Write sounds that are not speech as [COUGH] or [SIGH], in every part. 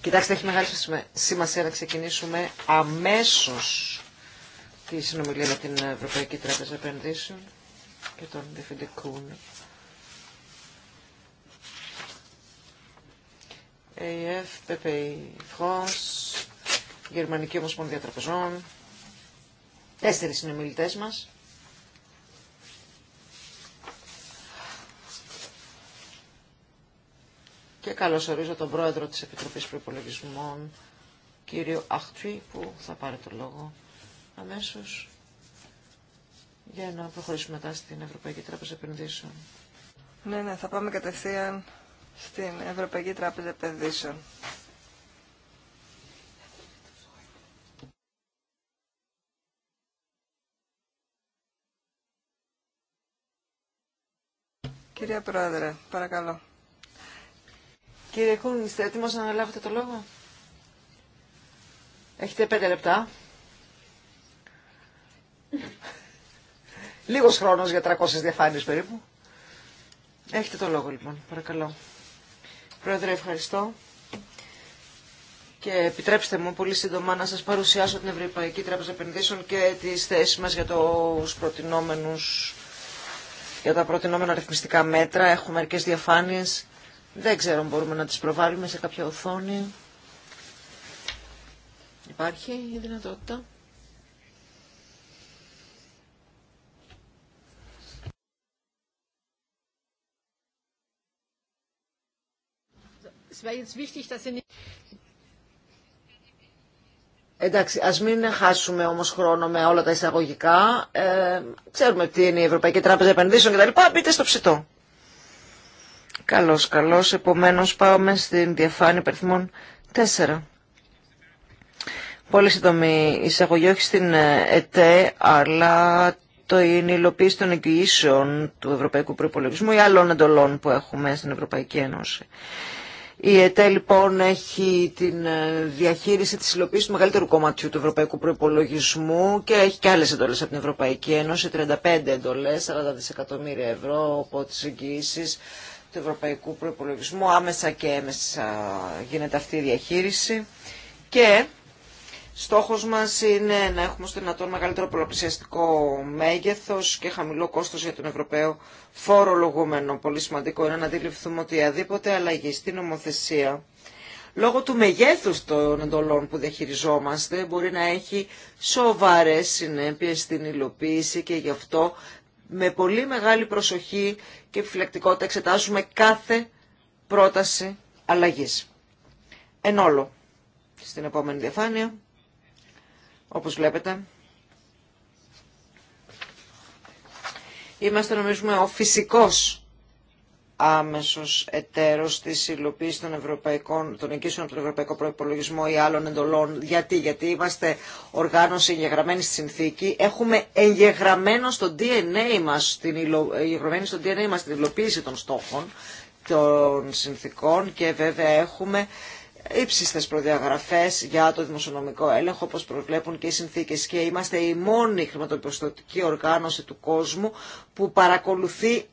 Κοιτάξτε, έχει μεγάλη σημασία να ξεκινήσουμε αμέσως τη συνομιλία με την Ευρωπαϊκή Τράπεζα Επενδύσεων και τον Διευθυντή Κούν. AF, ε, PPI France, Γερμανική Ομοσπονδία Τραπεζών, τέσσερις συνομιλητές μας. καλωσορίζω τον πρόεδρο της Επιτροπής Προϋπολογισμών, κύριο Αχτρή, που θα πάρει το λόγο αμέσως για να προχωρήσουμε μετά στην Ευρωπαϊκή Τράπεζα Επενδύσεων. Ναι, ναι, θα πάμε κατευθείαν στην Ευρωπαϊκή Τράπεζα Επενδύσεων. Κυρία Πρόεδρε, παρακαλώ. Κύριε Κούν, είστε έτοιμος να αναλάβετε το λόγο. Έχετε πέντε λεπτά. [LAUGHS] Λίγος χρόνος για 300 διαφάνειες περίπου. Έχετε το λόγο λοιπόν, παρακαλώ. Πρόεδρε, ευχαριστώ. Και επιτρέψτε μου πολύ σύντομα να σας παρουσιάσω την Ευρωπαϊκή Τράπεζα Επενδύσεων και τις θέσεις μας για, τους προτινόμενους, για τα προτινόμενα ρυθμιστικά μέτρα. Έχουμε μερικές διαφάνειες δεν ξέρω αν μπορούμε να τις προβάλλουμε σε κάποια οθόνη. Υπάρχει η δυνατότητα. Εντάξει, ας μην χάσουμε όμως χρόνο με όλα τα εισαγωγικά. Ε, ξέρουμε τι είναι η Ευρωπαϊκή Τράπεζα Επενδύσεων κτλ. Μπείτε στο ψητό. Καλώς, καλώς. Επομένως πάμε στην διαφάνεια περιθμών 4. Πολύ σύντομη εισαγωγή, όχι στην ε, ΕΤΕ, αλλά το είναι η υλοποίηση των εγγυήσεων του Ευρωπαϊκού Προπολογισμού ή άλλων εντολών που έχουμε στην Ευρωπαϊκή Ένωση. Η ΕΤΕ λοιπόν έχει την ε, διαχείριση της υλοποίησης του μεγαλύτερου κομματιού του Ευρωπαϊκού Προϋπολογισμού και έχει και άλλες εντολές από την Ευρωπαϊκή Ένωση, 35 εντολές, 40 δισεκατομμύρια ευρώ από τις εγγυήσεις του Ευρωπαϊκού Προπολογισμού. Άμεσα και έμεσα γίνεται αυτή η διαχείριση. Και στόχος μας είναι να έχουμε στο δυνατόν μεγαλύτερο πολλαπλησιαστικό μέγεθος και χαμηλό κόστος για τον Ευρωπαίο φορολογούμενο. Πολύ σημαντικό είναι να αντιληφθούμε ότι αδίποτε αλλαγή στην νομοθεσία λόγω του μεγέθους των εντολών που διαχειριζόμαστε μπορεί να έχει σοβαρές συνέπειες στην υλοποίηση και γι' αυτό με πολύ μεγάλη προσοχή και επιφυλακτικότητα εξετάζουμε κάθε πρόταση αλλαγής. Εν όλο, στην επόμενη διαφάνεια, όπως βλέπετε, είμαστε νομίζουμε ο φυσικός άμεσος εταίρος της υλοποίησης των, ευρωπαϊκών, των εγγύσεων από τον Ευρωπαϊκό Προπολογισμό ή άλλων εντολών. Γιατί, γιατί είμαστε οργάνωση εγγεγραμμένη στη συνθήκη, έχουμε εγγεγραμμένο στο DNA μας, την υλο... στο DNA μας την υλοποίηση των στόχων των συνθήκων και βέβαια έχουμε ύψιστες προδιαγραφές για το δημοσιονομικό έλεγχο όπως προβλέπουν και οι συνθήκες και είμαστε η μόνη χρηματοπιστωτική οργάνωση του κόσμου που παρακολουθεί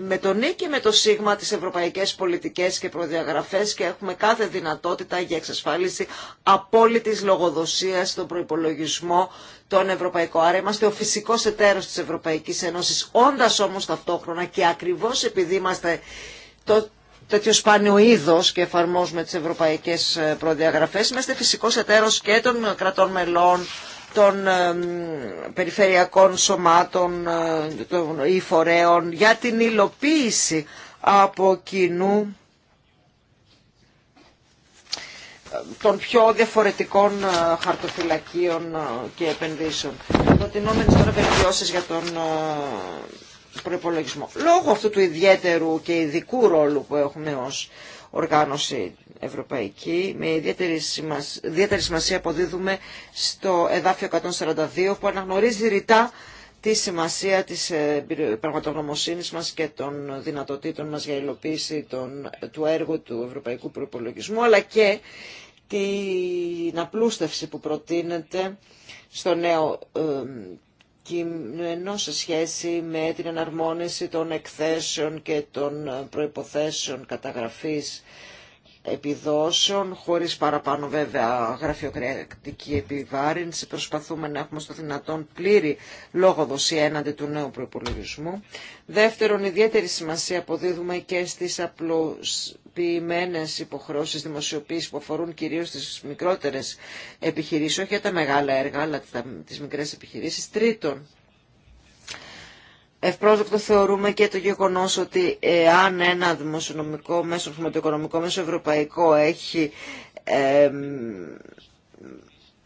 με το νίκη με το σίγμα τις ευρωπαϊκές πολιτικές και προδιαγραφές και έχουμε κάθε δυνατότητα για εξασφάλιση απόλυτης λογοδοσίας στον προϋπολογισμό τον Ευρωπαϊκό. Άρα είμαστε ο φυσικός εταίρος της Ευρωπαϊκής Ένωσης, όντας όμως ταυτόχρονα και ακριβώς επειδή είμαστε το τέτοιο σπάνιο είδο και εφαρμόζουμε τις ευρωπαϊκές προδιαγραφές, είμαστε φυσικό εταίρος και των κρατών μελών, των ε, περιφερειακών σωμάτων ε, ή φορέων για την υλοποίηση από κοινού ε, των πιο διαφορετικών χαρτοφυλακίων και επενδύσεων. Προτινόμενες τώρα βελτιώσεις για τον προϋπολογισμό. Λόγω αυτού του ιδιαίτερου και ειδικού ρόλου που έχουμε ως οργάνωση ευρωπαϊκή. Με ιδιαίτερη σημασία, ιδιαίτερη σημασία αποδίδουμε στο εδάφιο 142 που αναγνωρίζει ρητά τη σημασία της ε, πραγματογνωμοσύνης μας και των δυνατοτήτων μας για υλοποίηση των, του έργου του Ευρωπαϊκού προπολογισμού, αλλά και την απλούστευση που προτείνεται στο νέο ε, ενώ σε σχέση με την εναρμόνιση των εκθέσεων και των προϋποθέσεων καταγραφής επιδόσεων, χωρίς παραπάνω βέβαια γραφειοκρατική επιβάρυνση. Προσπαθούμε να έχουμε στο δυνατόν πλήρη λόγοδοσία έναντι του νέου προπολογισμού. Δεύτερον, ιδιαίτερη σημασία αποδίδουμε και στις απλοποιημένες υποχρώσεις δημοσιοποίησης που αφορούν κυρίως τις μικρότερες επιχειρήσεις, όχι για τα μεγάλα έργα, αλλά τις μικρές επιχειρήσεις. Τρίτον, ευπρόσδεκτο θεωρούμε και το γεγονός ότι αν ένα δημοσιονομικό μέσο, χρηματοοικονομικό μέσο ευρωπαϊκό έχει ε,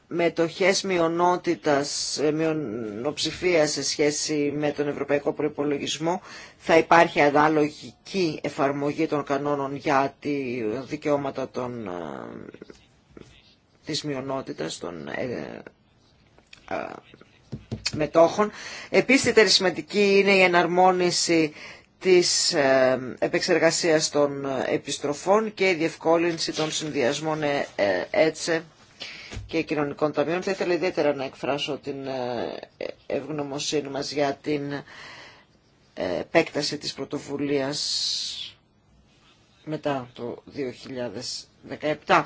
μετοχές μειονότητας, ε, μειονοψηφία σε σχέση με τον ευρωπαϊκό προϋπολογισμό, θα υπάρχει ανάλογη εφαρμογή των κανόνων για τη δικαιώματα των, ε, της μειονότητας των ε, μετόχων. Επίσης, η σημαντική είναι η εναρμόνιση της ε, επεξεργασίας των επιστροφών και η διευκόλυνση των συνδυασμών έτσε ε, ε, και κοινωνικών ταμείων. Θα ήθελα ιδιαίτερα να εκφράσω την ευγνωμοσύνη μας για την επέκταση της πρωτοβουλίας μετά το 2017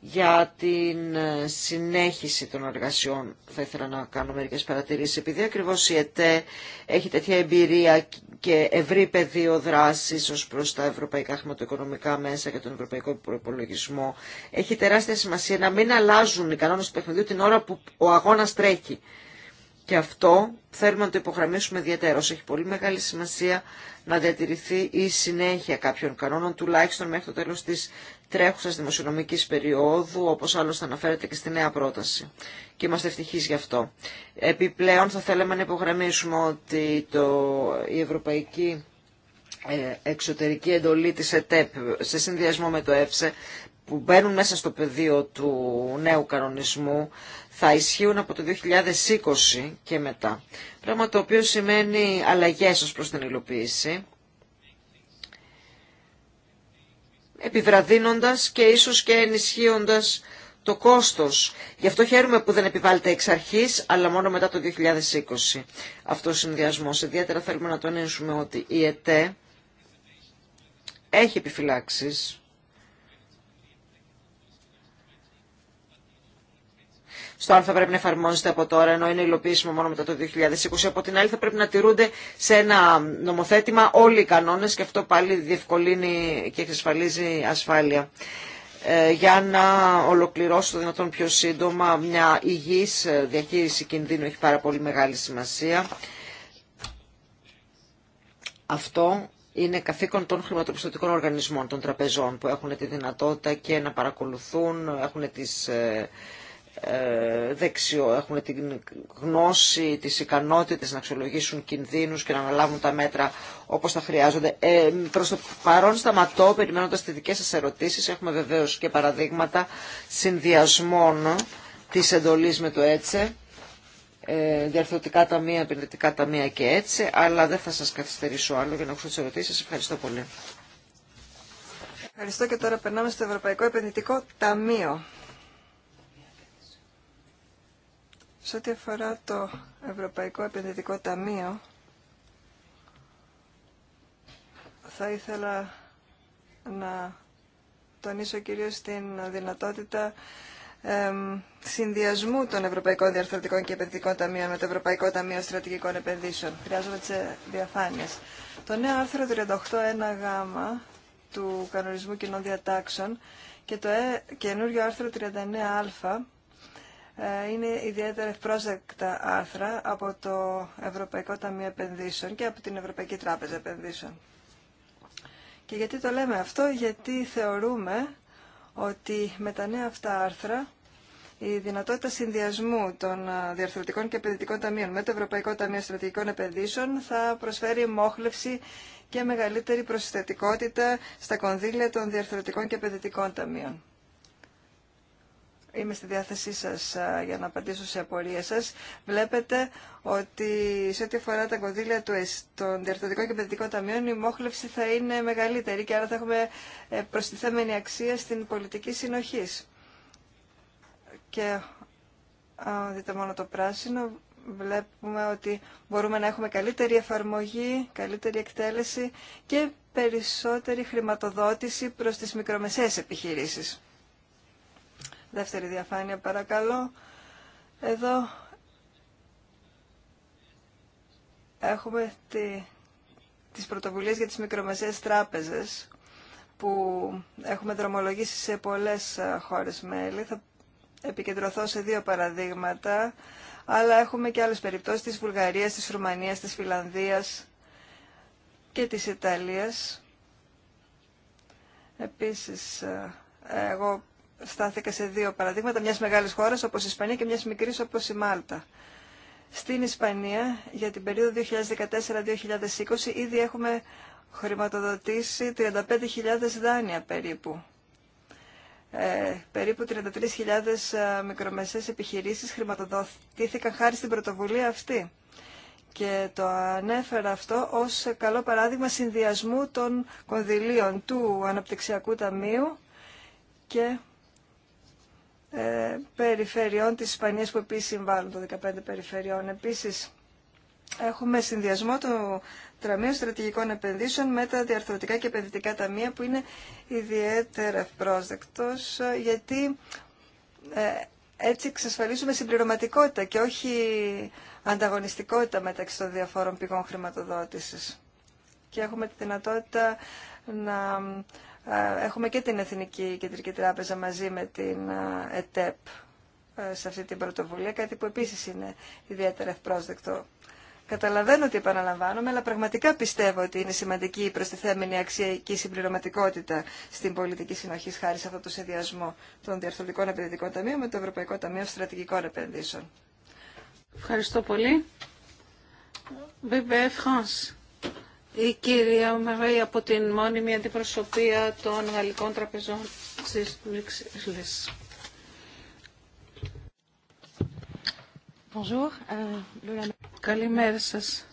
για την ε, συνέχιση των εργασιών θα ήθελα να κάνω μερικές παρατηρήσεις. Επειδή ακριβώς η ΕΤΕ έχει τέτοια εμπειρία και ευρύ πεδίο δράσης ως προς τα ευρωπαϊκά χρηματοοικονομικά μέσα και τον ευρωπαϊκό προπολογισμό, έχει τεράστια σημασία να μην αλλάζουν οι κανόνες του παιχνιδιού την ώρα που ο αγώνας τρέχει. Και αυτό θέλουμε να το υπογραμμίσουμε ιδιαίτερα. Έχει πολύ μεγάλη σημασία να διατηρηθεί η συνέχεια κάποιων κανόνων, τουλάχιστον μέχρι το τέλο τη. Τρέχουσα δημοσιονομική περίοδου, όπως άλλωστε αναφέρεται και στη νέα πρόταση. Και είμαστε ευτυχεί γι' αυτό. Επιπλέον θα θέλαμε να υπογραμμίσουμε ότι το, η Ευρωπαϊκή ε, εξωτερική εντολή της ΕΤΕΠ σε συνδυασμό με το ΕΦΣΕ που μπαίνουν μέσα στο πεδίο του νέου κανονισμού θα ισχύουν από το 2020 και μετά. Πράγμα το οποίο σημαίνει αλλαγές ως προς την υλοποίηση επιβραδύνοντας και ίσως και ενισχύοντας το κόστος. Γι' αυτό χαίρομαι που δεν επιβάλλεται εξ αρχής, αλλά μόνο μετά το 2020 αυτός ο συνδυασμός. Ιδιαίτερα θέλουμε να τονίσουμε ότι η ΕΤΕ έχει επιφυλάξεις στο αν θα πρέπει να εφαρμόζεται από τώρα, ενώ είναι υλοποιήσιμο μόνο μετά το 2020. Από την άλλη θα πρέπει να τηρούνται σε ένα νομοθέτημα όλοι οι κανόνες και αυτό πάλι διευκολύνει και εξασφαλίζει ασφάλεια ε, για να ολοκληρώσω το δυνατόν πιο σύντομα μια υγιής ε, διαχείριση κινδύνου έχει πάρα πολύ μεγάλη σημασία. Αυτό είναι καθήκον των χρηματοπιστωτικών οργανισμών, των τραπεζών που έχουν τη δυνατότητα και να παρακολουθούν, έχουν τις ε, ε, δεξιό, έχουν την γνώση, τις ικανότητες να αξιολογήσουν κινδύνους και να αναλάβουν τα μέτρα όπως τα χρειάζονται. Ε, προς το παρόν σταματώ, περιμένοντας τις δικές σας ερωτήσεις. Έχουμε βεβαίως και παραδείγματα συνδυασμών της εντολής με το έτσε, ε, διαρθρωτικά ταμεία, επενδυτικά ταμεία και έτσι, αλλά δεν θα σας καθυστερήσω άλλο για να έχω τις ερωτήσεις. Σας ευχαριστώ πολύ. Ευχαριστώ και τώρα περνάμε στο Ευρωπαϊκό Επενδυτικό Ταμείο. Σε ό,τι αφορά το Ευρωπαϊκό Επενδυτικό Ταμείο, θα ήθελα να τονίσω κυρίως την δυνατότητα συνδυασμού των Ευρωπαϊκών Διαρθρωτικών και Επενδυτικών Ταμείων με το Ευρωπαϊκό Ταμείο Στρατηγικών Επενδύσεων. Χρειάζομαι τις ε, διαφάνειες. Το νέο άρθρο 38.1 γ του Κανονισμού Κοινών Διατάξεων και το ε, καινούριο άρθρο 39α ε, είναι ιδιαίτερα ευπρόσδεκτα άρθρα από το Ευρωπαϊκό Ταμείο Επενδύσεων και από την Ευρωπαϊκή Τράπεζα Επενδύσεων. Και γιατί το λέμε αυτό, γιατί θεωρούμε ότι με τα νέα αυτά άρθρα η δυνατότητα συνδυασμού των ε, διαρθρωτικών και επενδυτικών ταμείων με το Ευρωπαϊκό Ταμείο Στρατηγικών Επενδύσεων θα προσφέρει μόχλευση και μεγαλύτερη προσθετικότητα στα κονδύλια των διαρθρωτικών και επενδυτικών ταμείων είμαι στη διάθεσή σας για να απαντήσω σε απορίες σας. Βλέπετε ότι σε ό,τι αφορά τα κονδύλια του των διαρθρωτικών και παιδικών ταμείων, η μόχλευση θα είναι μεγαλύτερη και άρα θα έχουμε ε, προστιθέμενη αξία στην πολιτική συνοχή. Και αν δείτε μόνο το πράσινο, βλέπουμε ότι μπορούμε να έχουμε καλύτερη εφαρμογή, καλύτερη εκτέλεση και περισσότερη χρηματοδότηση προς τις μικρομεσαίες επιχειρήσεις. Δεύτερη διαφάνεια παρακαλώ. Εδώ έχουμε τη, τις πρωτοβουλίες για τις μικρομεσαίες τράπεζες που έχουμε δρομολογήσει σε πολλές ε, χώρες μέλη. Θα επικεντρωθώ σε δύο παραδείγματα, αλλά έχουμε και άλλες περιπτώσεις της Βουλγαρίας, της Ρουμανίας, της Φιλανδίας και της Ιταλίας. Επίσης, ε, εγώ στάθηκα σε δύο παραδείγματα μιας μεγάλης χώρας όπως η Ισπανία και μιας μικρής όπως η Μάλτα. Στην Ισπανία για την περίοδο 2014-2020 ήδη έχουμε χρηματοδοτήσει 35.000 δάνεια περίπου. Ε, περίπου 33.000 ε, μικρομεσαίες επιχειρήσεις χρηματοδοτήθηκαν χάρη στην πρωτοβουλία αυτή. Και το ανέφερα αυτό ως καλό παράδειγμα συνδυασμού των κονδυλίων του Αναπτυξιακού Ταμείου και ε, περιφερειών της Ισπανίας που επίσης συμβάλλουν το 15 περιφερειών. Επίσης, έχουμε συνδυασμό του Τραμείου Στρατηγικών Επενδύσεων με τα διαρθρωτικά και επενδυτικά ταμεία που είναι ιδιαίτερα ευπρόσδεκτος ε, γιατί ε, έτσι εξασφαλίζουμε συμπληρωματικότητα και όχι ανταγωνιστικότητα μεταξύ των διαφόρων πηγών χρηματοδότησης. Και έχουμε τη δυνατότητα να ε, έχουμε και την Εθνική Κεντρική Τράπεζα μαζί με την ε, ΕΤΕΠ ε, σε αυτή την πρωτοβουλία, κάτι που επίσης είναι ιδιαίτερα ευπρόσδεκτο. Καταλαβαίνω ότι επαναλαμβάνομαι, αλλά πραγματικά πιστεύω ότι είναι σημαντική η προστιθέμενη αξία και συμπληρωματικότητα στην πολιτική συνοχή χάρη σε αυτό το σχεδιασμό των διαρθρωτικών επενδυτικών ταμείων με το Ευρωπαϊκό Ταμείο Στρατηγικών Επενδύσεων. Ευχαριστώ πολύ η κυρία από την μόνιμη αντιπροσωπεία των Γαλλικών Τραπεζών στις Βρυξέλλες. Euh, Καλημέρα σας.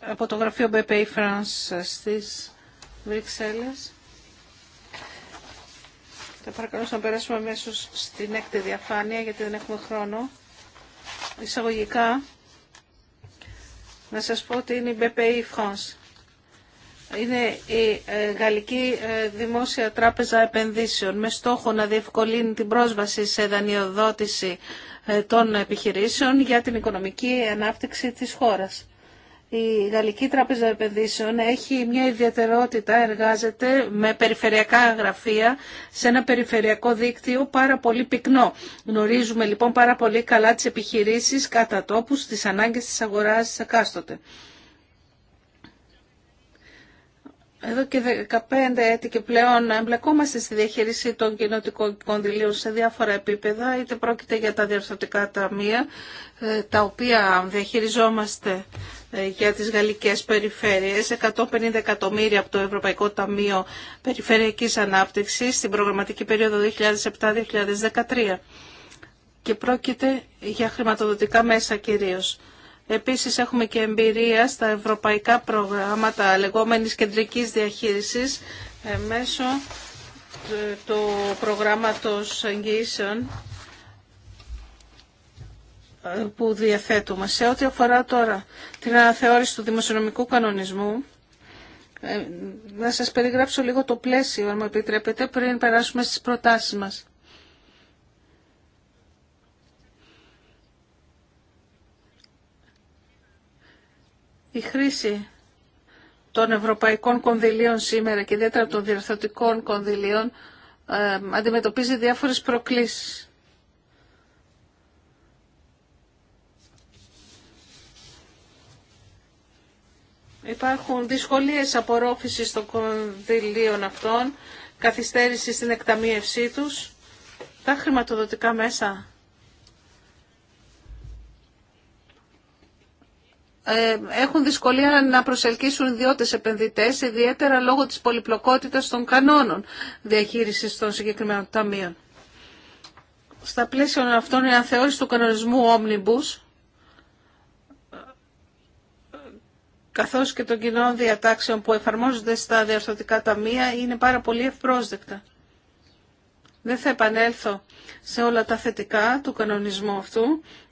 Από το γραφείο BPI France στις Βρυξέλλες. Θα παρακαλώ να περάσουμε αμέσω στην έκτη διαφάνεια γιατί δεν έχουμε χρόνο. Εισαγωγικά να σας πω ότι είναι η BPI France. Είναι η ε, Γαλλική ε, Δημόσια Τράπεζα Επενδύσεων με στόχο να διευκολύνει την πρόσβαση σε δανειοδότηση ε, των επιχειρήσεων για την οικονομική ανάπτυξη της χώρας. Η Γαλλική Τράπεζα Επενδύσεων έχει μια ιδιαιτερότητα, εργάζεται με περιφερειακά γραφεία σε ένα περιφερειακό δίκτυο πάρα πολύ πυκνό. Γνωρίζουμε λοιπόν πάρα πολύ καλά τις επιχειρήσεις κατά τόπους, τις ανάγκες της αγοράς εκάστοτε. Εδώ και 15 έτη και πλέον εμπλεκόμαστε στη διαχείριση των κοινοτικών κονδυλίων σε διάφορα επίπεδα, είτε πρόκειται για τα διαρθρωτικά ταμεία, ε, τα οποία διαχειριζόμαστε ε, για τις γαλλικές περιφέρειες, 150 εκατομμύρια από το Ευρωπαϊκό Ταμείο Περιφερειακής Ανάπτυξης στην προγραμματική περίοδο 2007-2013 και πρόκειται για χρηματοδοτικά μέσα κυρίως. Επίσης έχουμε και εμπειρία στα ευρωπαϊκά προγράμματα λεγόμενης κεντρικής διαχείρισης ε, μέσω ε, του προγράμματος εγγύησεων που διαθέτουμε. Σε ό,τι αφορά τώρα την αναθεώρηση του δημοσιονομικού κανονισμού, ε, να σας περιγράψω λίγο το πλαίσιο, αν μου επιτρέπετε, πριν περάσουμε στις προτάσεις μας. Η χρήση των ευρωπαϊκών κονδυλίων σήμερα και ιδιαίτερα των διορθωτικών κονδυλίων ε, αντιμετωπίζει διάφορες προκλήσεις. Υπάρχουν δυσκολίες απορρόφησης των κονδυλίων αυτών, καθυστέρηση στην εκταμίευσή τους. Τα χρηματοδοτικά μέσα ε, έχουν δυσκολία να προσελκύσουν ιδιώτες επενδυτές, ιδιαίτερα λόγω της πολυπλοκότητας των κανόνων διαχείρισης των συγκεκριμένων ταμείων. Στα πλαίσια αυτών η αναθεώρηση του κανονισμού Omnibus καθώς και των κοινών διατάξεων που εφαρμόζονται στα διαρθρωτικά ταμεία είναι πάρα πολύ ευπρόσδεκτα. Δεν θα επανέλθω σε όλα τα θετικά του κανονισμού αυτού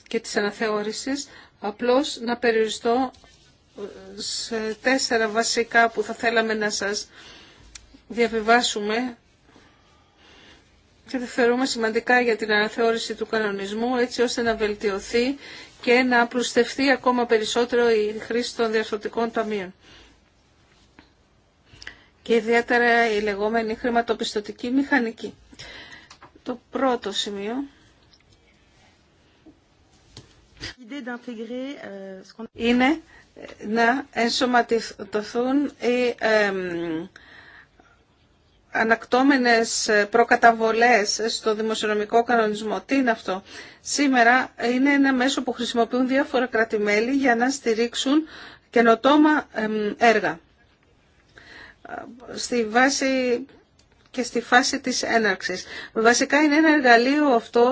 και της αναθεώρησης, απλώς να περιοριστώ ε, σε τέσσερα βασικά που θα θέλαμε να σας διαβιβάσουμε και θα θεωρούμε σημαντικά για την αναθεώρηση του κανονισμού έτσι ώστε να βελτιωθεί και να απλουστευτεί ακόμα περισσότερο η χρήση των διαρθρωτικών ταμείων. Και ιδιαίτερα η λεγόμενη χρηματοπιστωτική μηχανική. Το πρώτο σημείο. Euh, Είναι να ενσωματωθούν οι ανακτόμενες ε, προκαταβολές στο δημοσιονομικό κανονισμό. Τι είναι αυτό. Σήμερα είναι ένα μέσο που χρησιμοποιούν διάφορα κράτη-μέλη για να στηρίξουν καινοτόμα έργα. Ε, στη βάση και στη φάση της έναρξης. Βασικά είναι ένα εργαλείο αυτό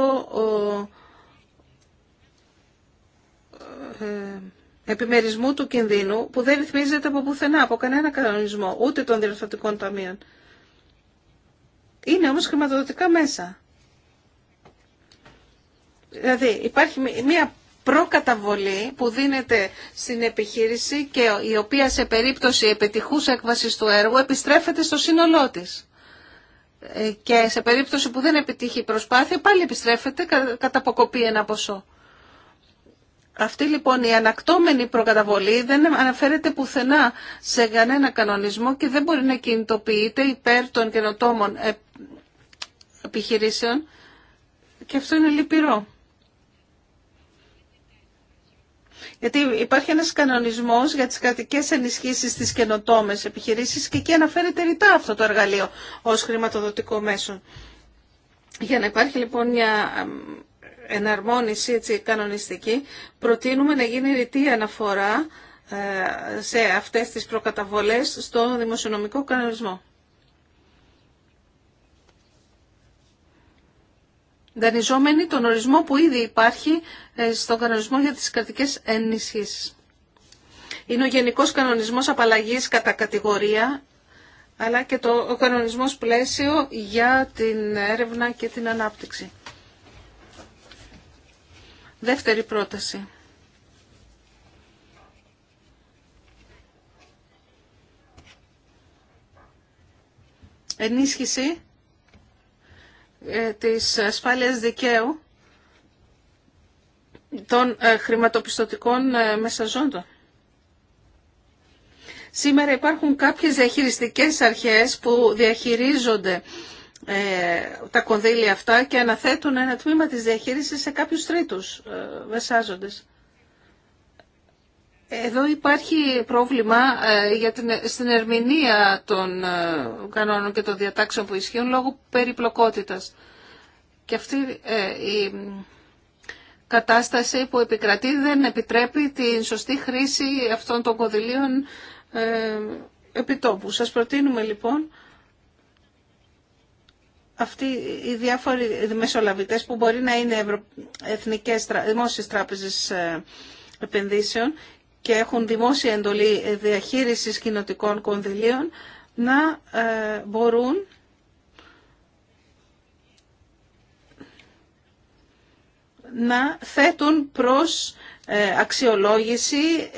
ε, επιμερισμού του κινδύνου που δεν ρυθμίζεται από πουθενά, από κανένα κανονισμό, ούτε των διευθυντικών ταμείων. Είναι όμως χρηματοδοτικά μέσα. Δηλαδή υπάρχει μία προκαταβολή που δίνεται στην επιχείρηση και η οποία σε περίπτωση επιτυχούς έκβασης του έργου επιστρέφεται στο σύνολό της. Ε, και σε περίπτωση που δεν επιτύχει η προσπάθεια πάλι επιστρέφεται κατά αποκοπή ένα ποσό. Αυτή λοιπόν η ανακτώμενη προκαταβολή δεν αναφέρεται πουθενά σε κανένα κανονισμό και δεν μπορεί να κινητοποιείται υπέρ των καινοτόμων ε, επιχειρήσεων και αυτό είναι λυπηρό. Γιατί υπάρχει ένας κανονισμός για τις κρατικές ενισχύσεις στις καινοτόμες επιχειρήσεις και εκεί αναφέρεται ρητά αυτό το εργαλείο ως χρηματοδοτικό μέσο. Για να υπάρχει λοιπόν μια εναρμόνιση έτσι, κανονιστική, προτείνουμε να γίνει ρητή αναφορά ε, σε αυτές τις προκαταβολές στο δημοσιονομικό κανονισμό. Δανειζόμενοι τον ορισμό που ήδη υπάρχει ε, στον κανονισμό για τις κρατικές ενισχύσεις. Είναι ο Γενικός Κανονισμός Απαλλαγής κατά κατηγορία, αλλά και το, ο κανονισμός πλαίσιο για την έρευνα και την ανάπτυξη. Δεύτερη πρόταση. Ενίσχυση ε, της ασφάλειας δικαίου των ε, χρηματοπιστωτικών ε, μεσαζόντων. Σήμερα υπάρχουν κάποιες διαχειριστικές αρχές που διαχειρίζονται ε, τα κονδύλια αυτά και αναθέτουν ένα τμήμα της διαχείρισης σε κάποιους τρίτους βεσάζοντες. Ε, Εδώ υπάρχει πρόβλημα ε, για την, στην ερμηνεία των κανόνων και των διατάξεων που ισχύουν λόγω περιπλοκότητας. Και αυτή η κατάσταση που επικρατεί δεν επιτρέπει την σωστή χρήση αυτών των κονδυλίων επιτόπου. Σας προτείνουμε λοιπόν αυτοί οι διάφοροι μεσολαβητές που μπορεί να είναι ευρω... εθνικές δημόσιες τράπεζες ε, επενδύσεων και έχουν δημόσια εντολή διαχείρισης κοινοτικών κονδυλίων να ε, μπορούν να θέτουν προς ε, αξιολόγηση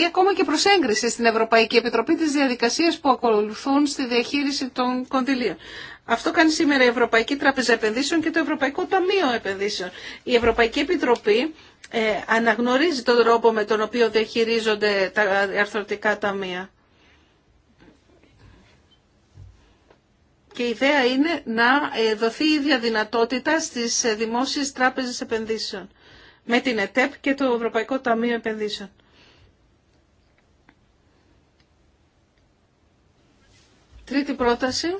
ή ακόμα και προς στην Ευρωπαϊκή Επιτροπή της διαδικασίας που ακολουθούν στη διαχείριση των κονδυλίων. Αυτό κάνει σήμερα η Ευρωπαϊκή Τράπεζα Επενδύσεων και το Ευρωπαϊκό Ταμείο Επενδύσεων. Η Ευρωπαϊκή Επιτροπή ε, αναγνωρίζει τον τρόπο με τον οποίο διαχειρίζονται τα αρθρωτικά ταμεία. Και η ιδέα είναι να ε, δοθεί η ίδια δυνατότητα στις ε, δημόσιες τράπεζες επενδύσεων με την ΕΤΕΠ και το Ευρωπαϊκό Ταμείο Επενδύσεων. Τρίτη πρόταση.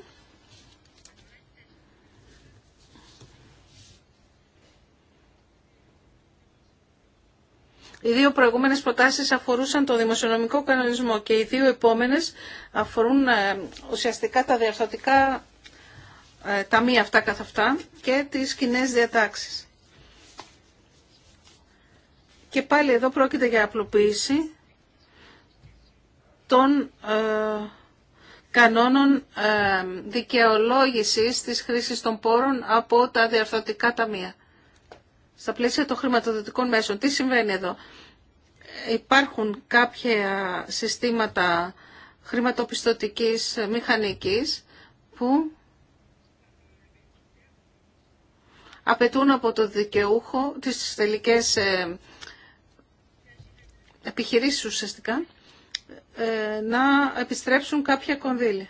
Οι δύο προηγούμενες προτάσεις αφορούσαν το δημοσιονομικό κανονισμό και οι δύο επόμενες αφορούν ε, ουσιαστικά τα διαρθωτικά ε, ταμεία αυτά καθ' αυτά και τις κοινέ διατάξεις. Και πάλι εδώ πρόκειται για απλοποίηση των ε, κανόνων ε, δικαιολόγησης της χρήσης των πόρων από τα διαρθρωτικά ταμεία. Στα πλαίσια των χρηματοδοτικών μέσων. Τι συμβαίνει εδώ. Υπάρχουν κάποια συστήματα χρηματοπιστωτικής μηχανικής που απαιτούν από το δικαιούχο τις τελικές ε, επιχειρήσεις ουσιαστικά ε, να επιστρέψουν κάποια κονδύλια.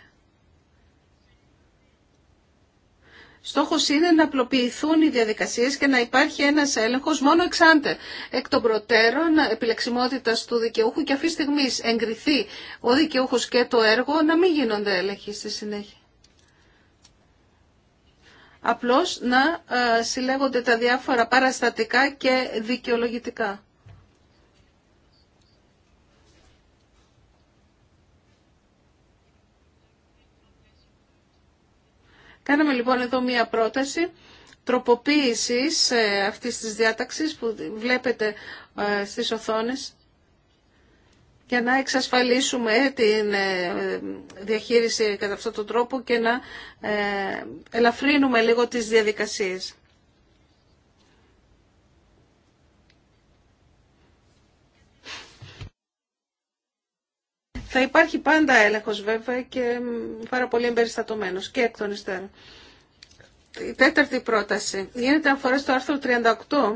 Στόχος είναι να απλοποιηθούν οι διαδικασίες και να υπάρχει ένας έλεγχος μόνο εξάντε εκ των προτέρων επιλεξιμότητας του δικαιούχου και αυτή τη στιγμή εγκριθεί ο δικαιούχος και το έργο να μην γίνονται έλεγχοι στη συνέχεια. Απλώς να ε, συλλέγονται τα διάφορα παραστατικά και δικαιολογητικά. Κάναμε λοιπόν εδώ μία πρόταση τροποποίησης ε, αυτής της διάταξης που βλέπετε ε, στις οθόνες για να εξασφαλίσουμε την ε, διαχείριση κατά αυτόν τον τρόπο και να ελαφρύνουμε λίγο τις διαδικασίες. Θα υπάρχει πάντα έλεγχος βέβαια και πάρα πολύ εμπεριστατωμένος και εκ των υστέρων. Η τέταρτη πρόταση γίνεται αφορά στο άρθρο 38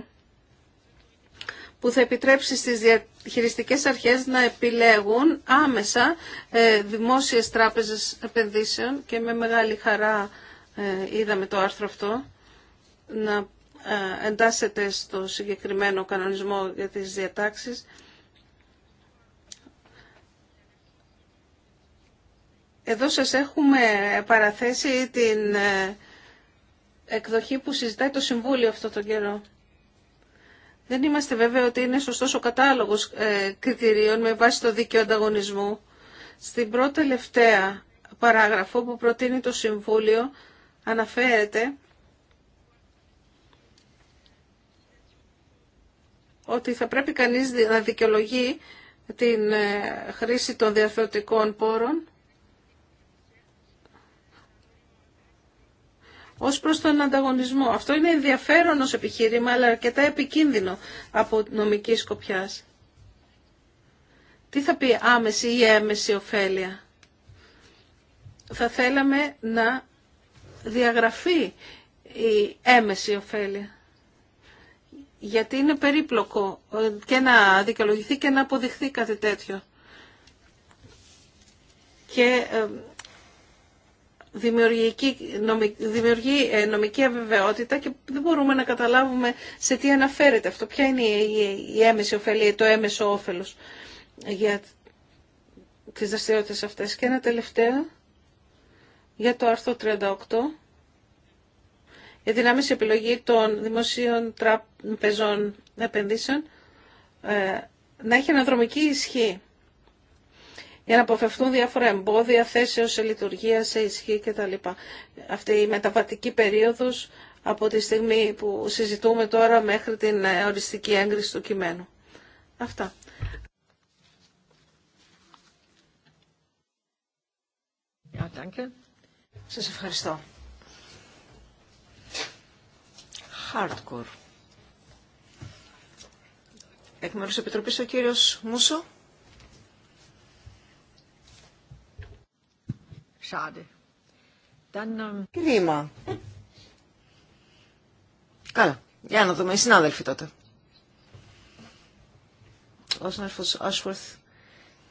που θα επιτρέψει στις διαχειριστικές αρχές να επιλέγουν άμεσα ε, δημόσιες τράπεζες επενδύσεων και με μεγάλη χαρά ε, είδαμε το άρθρο αυτό να ε, εντάσσεται στο συγκεκριμένο κανονισμό για τις διατάξεις Εδώ σας έχουμε παραθέσει την ε, εκδοχή που συζητάει το Συμβούλιο αυτό τον καιρό. Δεν είμαστε βέβαιοι ότι είναι σωστός ο κατάλογος ε, κριτηρίων με βάση το δίκαιο ανταγωνισμού. Στην πρώτη τελευταία παράγραφο που προτείνει το Συμβούλιο αναφέρεται ότι θα πρέπει κανείς να δικαιολογεί την ε, χρήση των διαθεωτικών πόρων ως προς τον ανταγωνισμό. Αυτό είναι ενδιαφέρον ως επιχείρημα, αλλά αρκετά επικίνδυνο από νομική σκοπιά. Τι θα πει άμεση ή έμεση ωφέλεια. Θα θέλαμε να διαγραφεί η έμεση ωφέλεια. Γιατί είναι περίπλοκο και να δικαιολογηθεί και να αποδειχθεί κάτι τέτοιο. Και ε, δημιουργεί ε, νομική αβεβαιότητα και δεν μπορούμε να καταλάβουμε σε τι αναφέρεται αυτό. Ποια είναι η, η έμεση ωφελή, το έμεσο όφελος για τις δραστηριότητε αυτές. Και ένα τελευταίο για το άρθρο 38 για την άμεση επιλογή των δημοσίων τραπεζών επενδύσεων ε, να έχει αναδρομική ισχύ για να αποφευθούν διάφορα εμπόδια, θέσεω σε λειτουργία, σε ισχύ κτλ. Αυτή η μεταβατική περίοδος από τη στιγμή που συζητούμε τώρα μέχρι την ε, οριστική έγκριση του κειμένου. Αυτά. Σας ευχαριστώ. Hardcore. Εκ μέρους Επιτροπής ο κύριος Μούσο. Schade. Dann, ähm, Κρίμα. Καλά. Για να δούμε. Οι συνάδελφοι τότε. Ο συνάδελφος Ashworth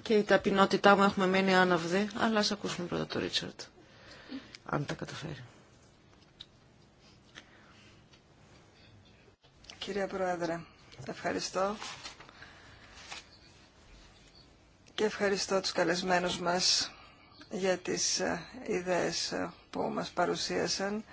και η ταπεινότητά μου έχουμε μένει άναυδη, αλλά ας ακούσουμε πρώτα τον Ρίτσαρτ, αν τα καταφέρει. Κυρία Πρόεδρε, ευχαριστώ και ευχαριστώ τους καλεσμένους μας για τις ε, ιδέες ε, που μας παρουσίασαν.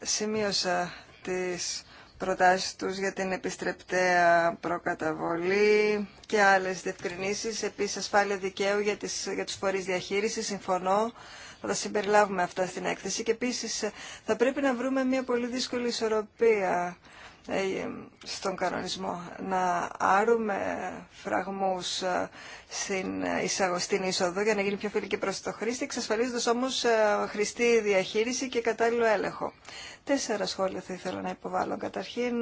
Σημείωσα τις προτάσεις τους για την επιστρεπτέα προκαταβολή και άλλες διευκρινήσεις. Επίσης ασφάλεια δικαίου για, τις, για τους φορείς διαχείρισης. Συμφωνώ. Θα τα συμπεριλάβουμε αυτά στην έκθεση και επίσης ε, θα πρέπει να βρούμε μια πολύ δύσκολη ισορροπία ε, στον κανονισμό. Να άρουμε φραγμούς ε, ε, στην, είσοδο για να γίνει πιο φιλική προς το χρήστη, εξασφαλίζοντας όμως χρηστή διαχείριση και κατάλληλο έλεγχο. Τέσσερα σχόλια θα ήθελα να υποβάλω. Καταρχήν,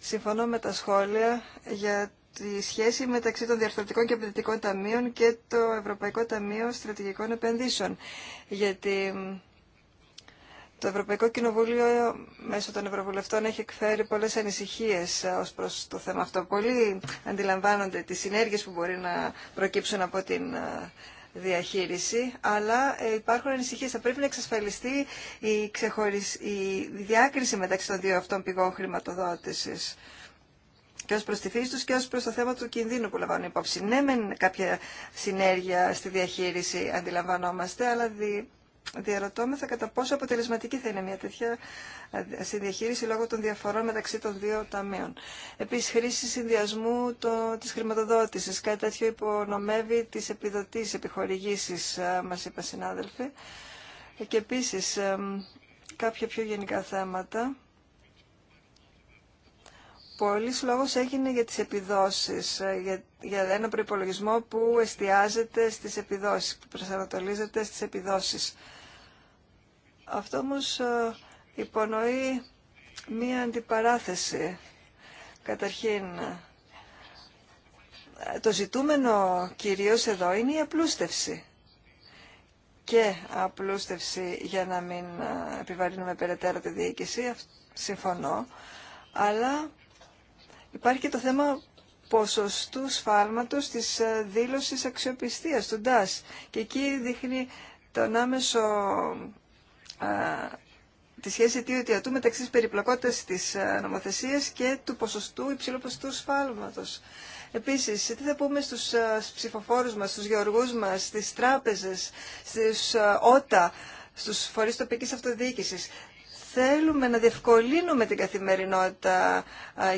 συμφωνώ με τα σχόλια για τη σχέση μεταξύ των διαρθρωτικών και επενδυτικών ταμείων και το Ευρωπαϊκό Ταμείο Στρατηγικών Επενδύσεων. Γιατί το Ευρωπαϊκό Κοινοβούλιο μέσω των Ευρωβουλευτών έχει εκφέρει πολλές ανησυχίες ε, ως προς το θέμα αυτό. Πολλοί αντιλαμβάνονται τις συνέργειες που μπορεί να προκύψουν από την ε, διαχείριση, αλλά ε, υπάρχουν ανησυχίες. Θα πρέπει να εξασφαλιστεί η, ξεχωρισ... η διάκριση μεταξύ των δύο αυτών πηγών χρηματοδότησης και ω προ τη φύση του και ω προ το θέμα του κινδύνου που λαμβάνουν υπόψη. Ναι, μεν κάποια συνέργεια στη διαχείριση αντιλαμβανόμαστε, αλλά δι διαρωτώμεθα κατά πόσο αποτελεσματική θα είναι μια τέτοια ε, συνδιαχείριση λόγω των διαφορών μεταξύ των δύο ταμείων. επίση χρήση συνδυασμού το, της χρηματοδότησης. Κάτι τέτοιο υπονομεύει τις επιδοτήσεις, επιχορηγήσεις, ε, μας είπα συνάδελφοι. Και επίσης, ε, κάποια πιο γενικά θέματα. Πολλής λόγος έγινε για τις επιδόσεις, για, για ένα προϋπολογισμό που εστιάζεται στις επιδόσεις, που προσανατολίζεται στις επιδόσεις. Αυτό όμως ε, υπονοεί μία αντιπαράθεση. Καταρχήν, ε, το ζητούμενο κυρίως εδώ είναι η απλούστευση. Και απλούστευση για να μην ε, επιβαρύνουμε περαιτέρω τη διοίκηση, συμφωνώ. Αλλά υπάρχει και το θέμα ποσοστού σφάλματος της δήλωσης αξιοπιστίας του ΝΤΑΣ. Και εκεί δείχνει τον άμεσο τη σχέση αιτίου-αιτιατού μεταξύ της περιπλοκότητας της νομοθεσίας και του ποσοστού υψηλού ποσοστού σφάλματος. Επίσης, τι θα πούμε στους ψηφοφόρους μας, στους γεωργούς μας, στις τράπεζες, στις ΟΤΑ, στους φορείς τοπικής αυτοδιοίκησης. Θέλουμε να διευκολύνουμε την καθημερινότητα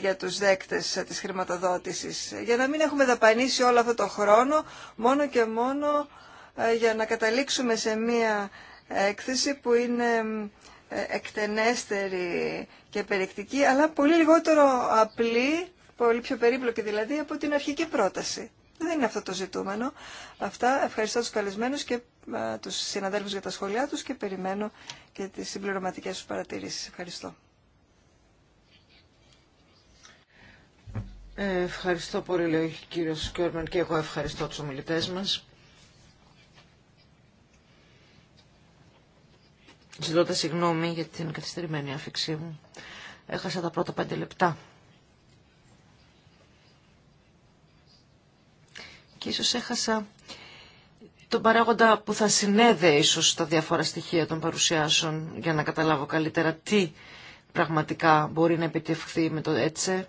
για τους δέκτες της χρηματοδότησης, για να μην έχουμε δαπανίσει όλο αυτό το χρόνο μόνο και μόνο για να καταλήξουμε σε μία έκθεση που είναι ε, εκτενέστερη και περιεκτική, αλλά πολύ λιγότερο απλή, πολύ πιο περίπλοκη δηλαδή, από την αρχική πρόταση. Δεν είναι αυτό το ζητούμενο. Αυτά ευχαριστώ τους καλεσμένους και α, τους συναδέλφους για τα σχόλιά τους και περιμένω και τις συμπληρωματικές τους παρατηρήσεις. Ευχαριστώ. Ε, ευχαριστώ πολύ, λέει ο κύριος Κιόρμαν, και εγώ ευχαριστώ τους ομιλητές μας. Ζητώντα συγγνώμη για την καθυστερημένη άφηξή μου. Έχασα τα πρώτα πέντε λεπτά. Και ίσως έχασα τον παράγοντα που θα συνέδε ίσως τα διάφορα στοιχεία των παρουσιάσεων για να καταλάβω καλύτερα τι πραγματικά μπορεί να επιτευχθεί με το ΕΤΣΕ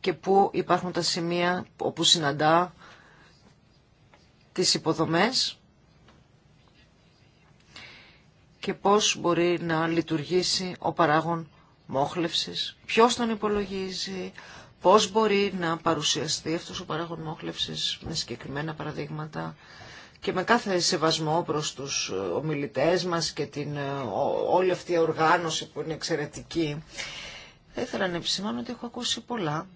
και πού υπάρχουν τα σημεία όπου συναντά τις υποδομές και πώς μπορεί να λειτουργήσει ο παράγων μόχλευσης, ποιος τον υπολογίζει, πώς μπορεί να παρουσιαστεί αυτός ο παράγων μόχλευσης με συγκεκριμένα παραδείγματα και με κάθε σεβασμό προς τους ε, ομιλητές μας και την, ε, όλη αυτή η οργάνωση που είναι εξαιρετική. Θα ήθελα να επισημάνω ότι έχω ακούσει πολλά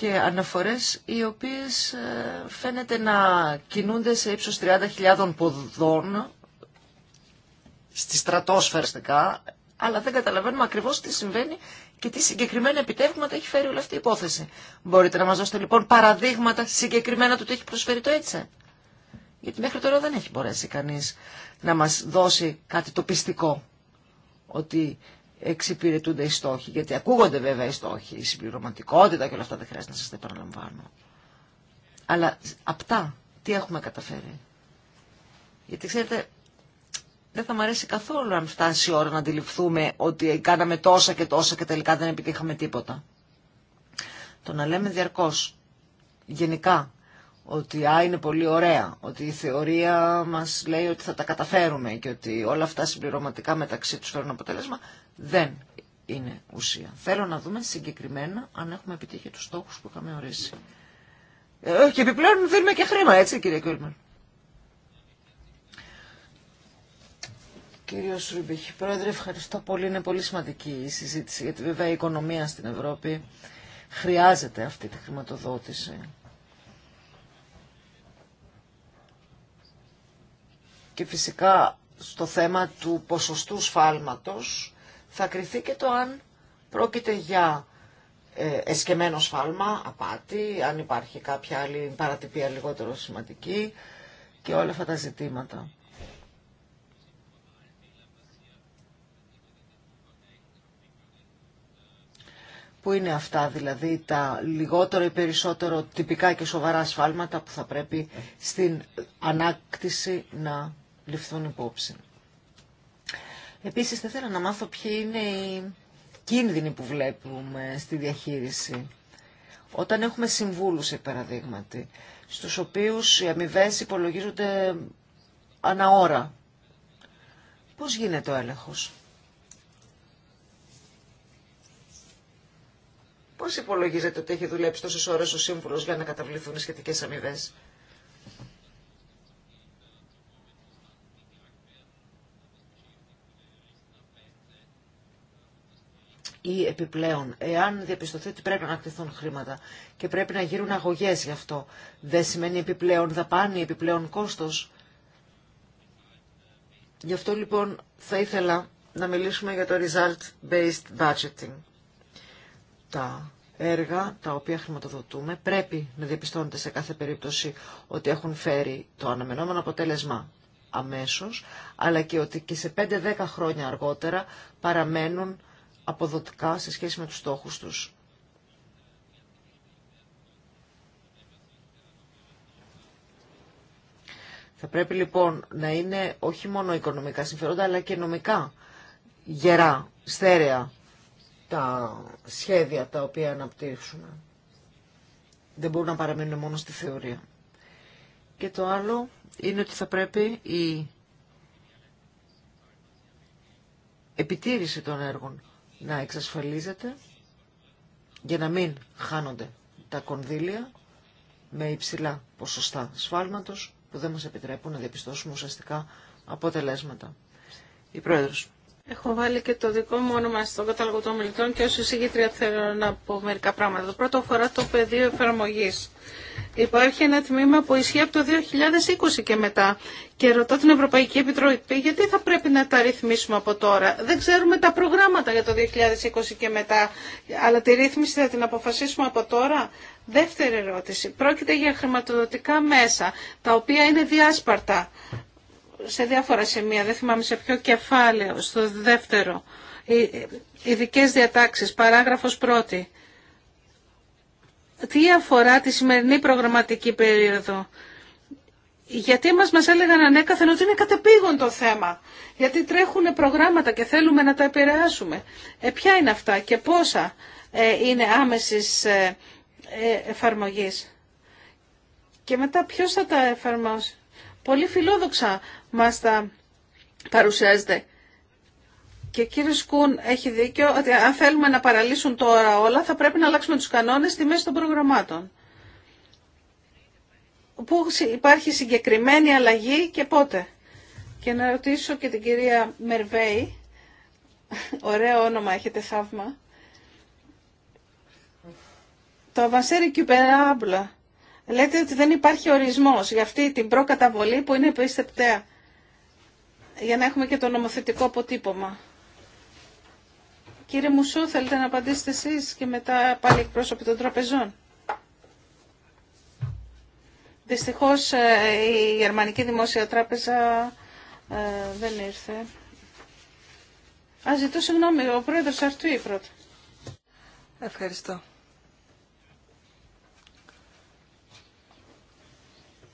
και αναφορές οι οποίες ε, φαίνεται να κινούνται σε ύψος 30.000 ποδών στη στρατόσφαιρστικά, αλλά δεν καταλαβαίνουμε ακριβώς τι συμβαίνει και τι συγκεκριμένα επιτεύγματα έχει φέρει όλη αυτή η υπόθεση. Μπορείτε να μας δώσετε λοιπόν παραδείγματα συγκεκριμένα του τι έχει προσφέρει το έτσι. Γιατί μέχρι τώρα δεν έχει μπορέσει κανείς να μας δώσει κάτι το πιστικό ότι εξυπηρετούνται οι στόχοι. Γιατί ακούγονται βέβαια οι στόχοι, η συμπληρωματικότητα και όλα αυτά δεν χρειάζεται να σας τα επαναλαμβάνω. Αλλά απτά τι έχουμε καταφέρει. Γιατί ξέρετε, δεν θα μου αρέσει καθόλου αν φτάσει η ώρα να αντιληφθούμε ότι κάναμε τόσα και τόσα και τελικά δεν επιτύχαμε τίποτα. Το να λέμε διαρκώ, γενικά ότι α, είναι πολύ ωραία, ότι η θεωρία μας λέει ότι θα τα καταφέρουμε και ότι όλα αυτά συμπληρωματικά μεταξύ του φέρουν αποτέλεσμα, δεν είναι ουσία. Θέλω να δούμε συγκεκριμένα αν έχουμε επιτύχει τους στόχους που είχαμε ορίσει. Ε, και επιπλέον δίνουμε και χρήμα, έτσι κύριε Κούλμαν. Κύριο Ρούμπιχ, Πρόεδρε, ευχαριστώ πολύ. Είναι πολύ σημαντική η συζήτηση, γιατί βέβαια η οικονομία στην Ευρώπη χρειάζεται αυτή τη χρηματοδότηση και φυσικά στο θέμα του ποσοστού σφάλματος θα κριθεί και το αν πρόκειται για ε, εσκεμμένο σφάλμα, απάτη, αν υπάρχει κάποια άλλη παρατυπία λιγότερο σημαντική και όλα αυτά τα ζητήματα. Πού είναι αυτά δηλαδή τα λιγότερο ή περισσότερο τυπικά και σοβαρά σφάλματα που θα πρέπει στην ανάκτηση να ληφθούν υπόψη. Επίσης, θα ήθελα να μάθω ποιοι είναι οι κίνδυνοι που βλέπουμε στη διαχείριση. Όταν έχουμε συμβούλους, παραδείγματι, στους οποίους οι αμοιβέ υπολογίζονται αναώρα, πώς γίνεται ο έλεγχος. Πώς υπολογίζεται ότι έχει δουλέψει τόσες ώρες ο σύμβουλος για να καταβληθούν οι σχετικές αμοιβέ. ή επιπλέον. Εάν διαπιστωθεί ότι πρέπει να ανακτηθούν χρήματα και πρέπει να γίνουν αγωγές γι' αυτό, δεν σημαίνει επιπλέον δαπάνη, επιπλέον κόστος. Γι' αυτό λοιπόν θα ήθελα να μιλήσουμε για το result-based budgeting. Τα έργα τα οποία χρηματοδοτούμε πρέπει να διαπιστώνεται σε κάθε περίπτωση ότι έχουν φέρει το αναμενόμενο αποτέλεσμα αμέσως, αλλά και ότι και σε 5-10 χρόνια αργότερα παραμένουν αποδοτικά σε σχέση με τους στόχους τους. Θα πρέπει λοιπόν να είναι όχι μόνο οικονομικά συμφέροντα, αλλά και νομικά γερά, στέρεα τα σχέδια τα οποία αναπτύσσουν. Δεν μπορούν να παραμείνουν μόνο στη θεωρία. Και το άλλο είναι ότι θα πρέπει η επιτήρηση των έργων να εξασφαλίζεται για να μην χάνονται τα κονδύλια με υψηλά ποσοστά σφάλματος που δεν μας επιτρέπουν να διαπιστώσουμε ουσιαστικά αποτελέσματα. Η Πρόεδρος. Έχω βάλει και το δικό μου όνομα στον κατάλογο των μιλητών και ως εισηγήτρια θέλω να πω μερικά πράγματα. Το πρώτο αφορά το πεδίο εφαρμογής. Υπάρχει ένα τμήμα που ισχύει από το 2020 και μετά. Και ρωτώ την Ευρωπαϊκή Επιτροπή γιατί θα πρέπει να τα ρυθμίσουμε από τώρα. Δεν ξέρουμε τα προγράμματα για το 2020 και μετά, αλλά τη ρύθμιση θα την αποφασίσουμε από τώρα. Δεύτερη ερώτηση. Πρόκειται για χρηματοδοτικά μέσα, τα οποία είναι διάσπαρτα σε διάφορα σημεία, δεν θυμάμαι σε ποιο κεφάλαιο, στο δεύτερο. Ε, ε, Ειδικέ διατάξεις, παράγραφος πρώτη τι αφορά τη σημερινή προγραμματική περίοδο. Γιατί μας μας έλεγαν ανέκαθεν ότι είναι κατεπήγον το θέμα. Γιατί τρέχουν προγράμματα και θέλουμε να τα επηρεάσουμε. Ε, ποια είναι αυτά και πόσα ε, είναι άμεσης ε, ε, εφαρμογής. Και μετά ποιος θα τα εφαρμόσει. Πολύ φιλόδοξα μας τα παρουσιάζεται. Και κύριε Σκούν έχει δίκιο ότι αν θέλουμε να παραλύσουν τώρα όλα θα πρέπει να αλλάξουμε τους κανόνες στη μέση των προγραμμάτων. Πού υπάρχει συγκεκριμένη αλλαγή και πότε. Και να ρωτήσω και την κυρία Μερβέη, ωραίο όνομα έχετε θαύμα, το αβασέρι Κιουπεράμπλα. Λέτε ότι δεν υπάρχει ορισμός για αυτή την προκαταβολή που είναι επιστεπτέα για να έχουμε και το νομοθετικό αποτύπωμα. Κύριε Μουσού, θέλετε να απαντήσετε εσείς και μετά πάλι εκπρόσωποι των τραπεζών. Δυστυχώς ε, η Γερμανική Δημόσια Τράπεζα ε, δεν ήρθε. Α, ζητώ συγγνώμη, ο πρόεδρος Αρτουή πρώτα. Ευχαριστώ.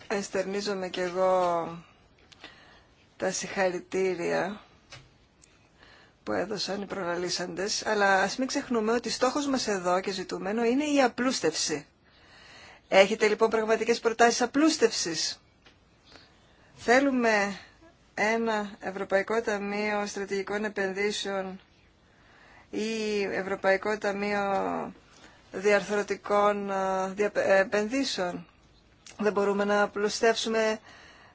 Εστερνίζομαι κι εγώ τα συγχαρητήρια που έδωσαν οι προλαλήσαντες, αλλά ας μην ξεχνούμε ότι στόχος μας εδώ και ζητούμενο είναι η απλούστευση. Έχετε λοιπόν πραγματικές προτάσεις απλούστευσης. Θέλουμε ένα Ευρωπαϊκό Ταμείο Στρατηγικών Επενδύσεων ή Ευρωπαϊκό Ταμείο Διαρθρωτικών ε, ε, Επενδύσεων. Δεν μπορούμε να απλουστεύσουμε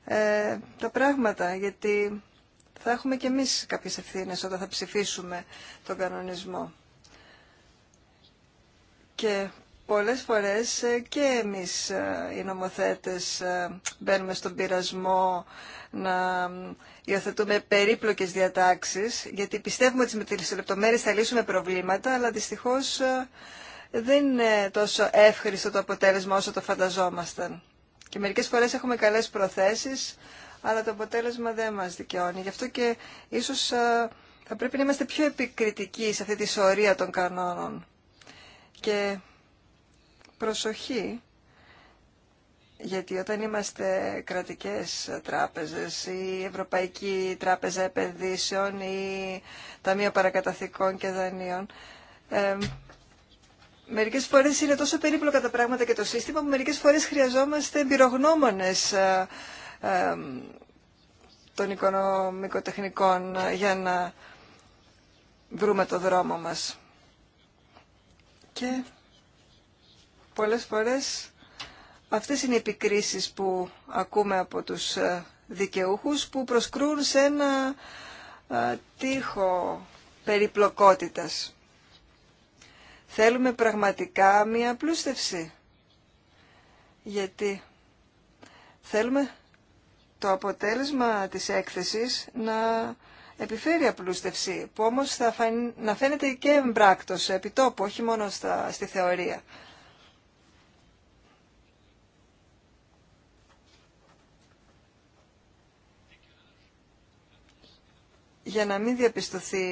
ε, τα πράγματα, γιατί θα έχουμε και εμείς κάποιες ευθύνες όταν θα ψηφίσουμε τον κανονισμό. Και πολλές φορές ε, και εμείς ε, οι νομοθέτες ε, μπαίνουμε στον πειρασμό να υιοθετούμε περίπλοκες διατάξεις, γιατί πιστεύουμε ότι με τις λεπτομέρειες θα λύσουμε προβλήματα, αλλά δυστυχώς δεν είναι τόσο εύχριστο το αποτέλεσμα όσο το φανταζόμασταν. Και μερικές φορές έχουμε καλές προθέσεις, αλλά το αποτέλεσμα δεν μας δικαιώνει. Γι' αυτό και ίσως ε, θα πρέπει να είμαστε πιο επικριτικοί σε αυτή τη σωρία των κανόνων. Και προσοχή, γιατί όταν είμαστε κρατικές τράπεζες ή Ευρωπαϊκή Τράπεζα Επενδύσεων ή Ταμείο Παρακαταθήκων και Δανείων, ε, μερικές φορές είναι τόσο περίπλοκα τα πράγματα και το σύστημα που μερικές φορές χρειαζόμαστε εμπειρογνώμονες ε, των οικονομικοτεχνικών για να βρούμε το δρόμο μας. Και πολλές φορές αυτές είναι οι επικρίσεις που ακούμε από τους ε, δικαιούχους που προσκρούν σε ένα ε, τείχο περιπλοκότητας. Θέλουμε πραγματικά μία πλούστευση. Γιατί θέλουμε το αποτέλεσμα της έκθεσης να επιφέρει απλούστευση, που όμως θα να φαίνεται και εμπράκτος, επιτόπου, όχι μόνο στα... στη θεωρία. Για να μην διαπιστωθεί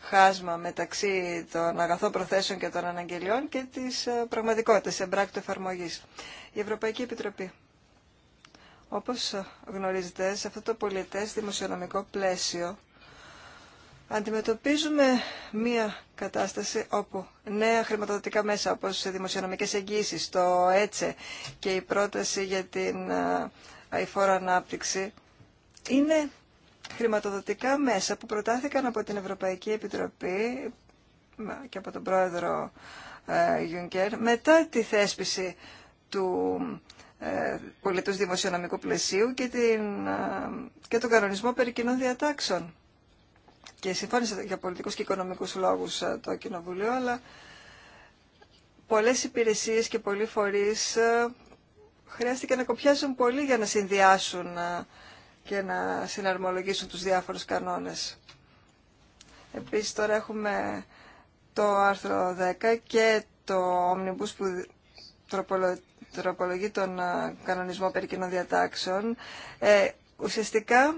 χάσμα μεταξύ των αγαθών προθέσεων και των αναγγελιών και της ε, πραγματικότητας εμπράκτου εφαρμογής. Η Ευρωπαϊκή Επιτροπή. Όπως γνωρίζετε, σε αυτό το πολιτές δημοσιονομικό πλαίσιο αντιμετωπίζουμε μία κατάσταση όπου νέα χρηματοδοτικά μέσα όπως σε δημοσιονομικές εγγύσεις, το έτσε και η πρόταση για την αηφόρο ανάπτυξη είναι χρηματοδοτικά μέσα που προτάθηκαν από την Ευρωπαϊκή Επιτροπή και από τον πρόεδρο ε, Γιουνκέρ μετά τη θέσπιση του ε, πολιτούς δημοσιονομικού πλαισίου και, την, ε, και τον κανονισμό περί κοινών διατάξεων. Και συμφώνησε για πολιτικούς και οικονομικούς λόγους ε, το Κοινοβουλίο, αλλά πολλές υπηρεσίες και πολλοί φορείς χρειάστηκε να κοπιάσουν πολύ για να συνδυάσουν και να συναρμολογήσουν τους διάφορους κανόνες. Επίσης τώρα έχουμε το άρθρο 10 και το Omnibus που τροπολογεί τον κανονισμό περί κοινών διατάξεων, ε, ουσιαστικά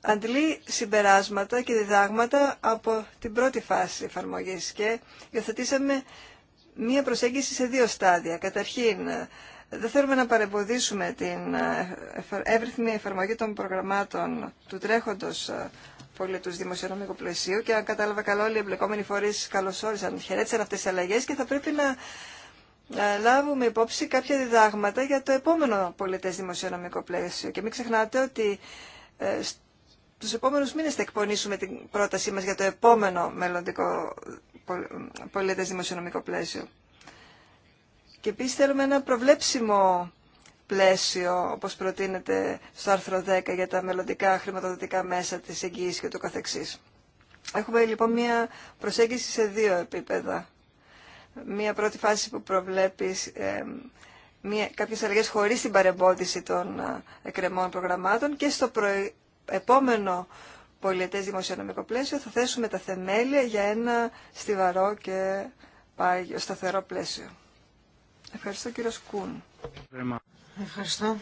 αντλεί συμπεράσματα και διδάγματα από την πρώτη φάση εφαρμογής και υιοθετήσαμε μία προσέγγιση σε δύο στάδια. Καταρχήν, ε, δεν θέλουμε να παρεμποδίσουμε την ε, εύρυθμη εφαρμογή των προγραμμάτων του τρέχοντος πολίτου δημοσιονομικού πλαισίου και αν κατάλαβα καλό όλοι οι εμπλεκόμενοι φορεί καλωσόρισαν, χαιρέτησαν αυτέ τι αλλαγέ και θα πρέπει να να λάβουμε υπόψη κάποια διδάγματα για το επόμενο πολιτές δημοσιονομικό πλαίσιο. Και μην ξεχνάτε ότι ε, στους επόμενους μήνες θα εκπονήσουμε την πρότασή μας για το επόμενο μελλοντικό πολιτές δημοσιονομικό πλαίσιο. Και επίση θέλουμε ένα προβλέψιμο πλαίσιο, όπως προτείνεται στο άρθρο 10 για τα μελλοντικά χρηματοδοτικά μέσα της εγγύησης και το καθεξής. Έχουμε λοιπόν μια προσέγγιση σε δύο επίπεδα μία πρώτη φάση που προβλέπει ε, μία, κάποιες αλλαγές χωρίς την παρεμπόδιση των ε, εκκρεμών προγραμμάτων και στο επόμενο πολιετές δημοσιονομικό πλαίσιο θα θέσουμε τα θεμέλια για ένα στιβαρό και πάγιο σταθερό πλαίσιο. Ευχαριστώ κύριο Σκούν. Ευχαριστώ.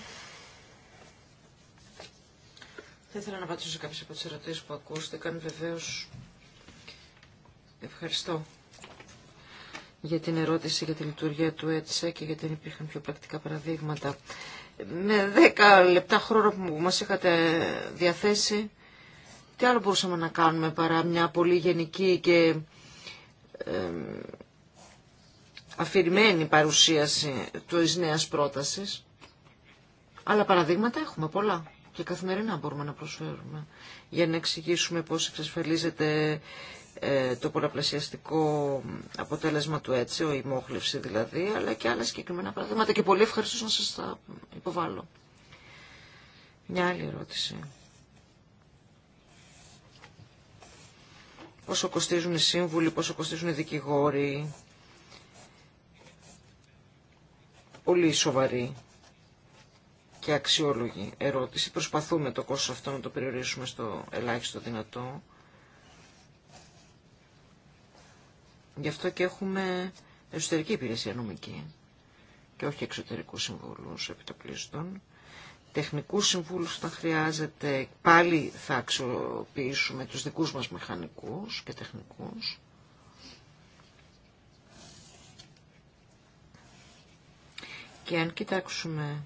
Θα ήθελα να απαντήσω σε κάποιες από τις ερωτήσεις που ακούστηκαν. Βεβαίως ευχαριστώ για την ερώτηση για τη λειτουργία του ΕΤΣΕ και γιατί δεν υπήρχαν πιο πρακτικά παραδείγματα. Με 10 λεπτά χρόνο που μας είχατε διαθέσει, τι άλλο μπορούσαμε να κάνουμε παρά μια πολύ γενική και αφηρημένη παρουσίαση της νέας πρότασης. Αλλά παραδείγματα έχουμε πολλά και καθημερινά μπορούμε να προσφέρουμε για να εξηγήσουμε πώς εξασφαλίζεται ε, το πολλαπλασιαστικό αποτέλεσμα του έτσι, ο μόχλευση δηλαδή, αλλά και άλλα συγκεκριμένα παραδείγματα και πολύ ευχαριστώ να σας τα υποβάλω. Μια άλλη ερώτηση. Πόσο κοστίζουν οι σύμβουλοι, πόσο κοστίζουν οι δικηγόροι. Πολύ σοβαρή και αξιόλογη ερώτηση. Προσπαθούμε το κόστος αυτό να το περιορίσουμε στο ελάχιστο δυνατό. Γι' αυτό και έχουμε εσωτερική υπηρεσία νομική και όχι εξωτερικούς συμβούλους επιτοπλίστων. Τεχνικούς συμβούλους θα χρειάζεται, πάλι θα αξιοποιήσουμε τους δικούς μας μηχανικούς και τεχνικούς. Και αν κοιτάξουμε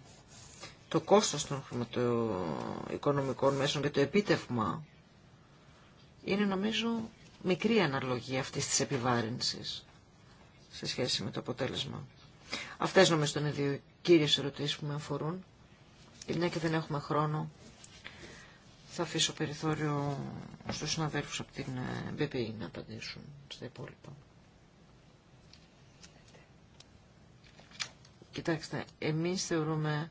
το κόστος των χρηματοοικονομικών μέσων και το επίτευγμα, είναι νομίζω μικρή αναλογία αυτής της επιβάρυνσης σε σχέση με το αποτέλεσμα. Αυτές νομίζω είναι δύο κύριες ερωτήσεις που με αφορούν. Και μια και δεν έχουμε χρόνο, θα αφήσω περιθώριο στους συναδέλφους από την BPI ε, να απαντήσουν στα υπόλοιπα. Κοιτάξτε, εμείς θεωρούμε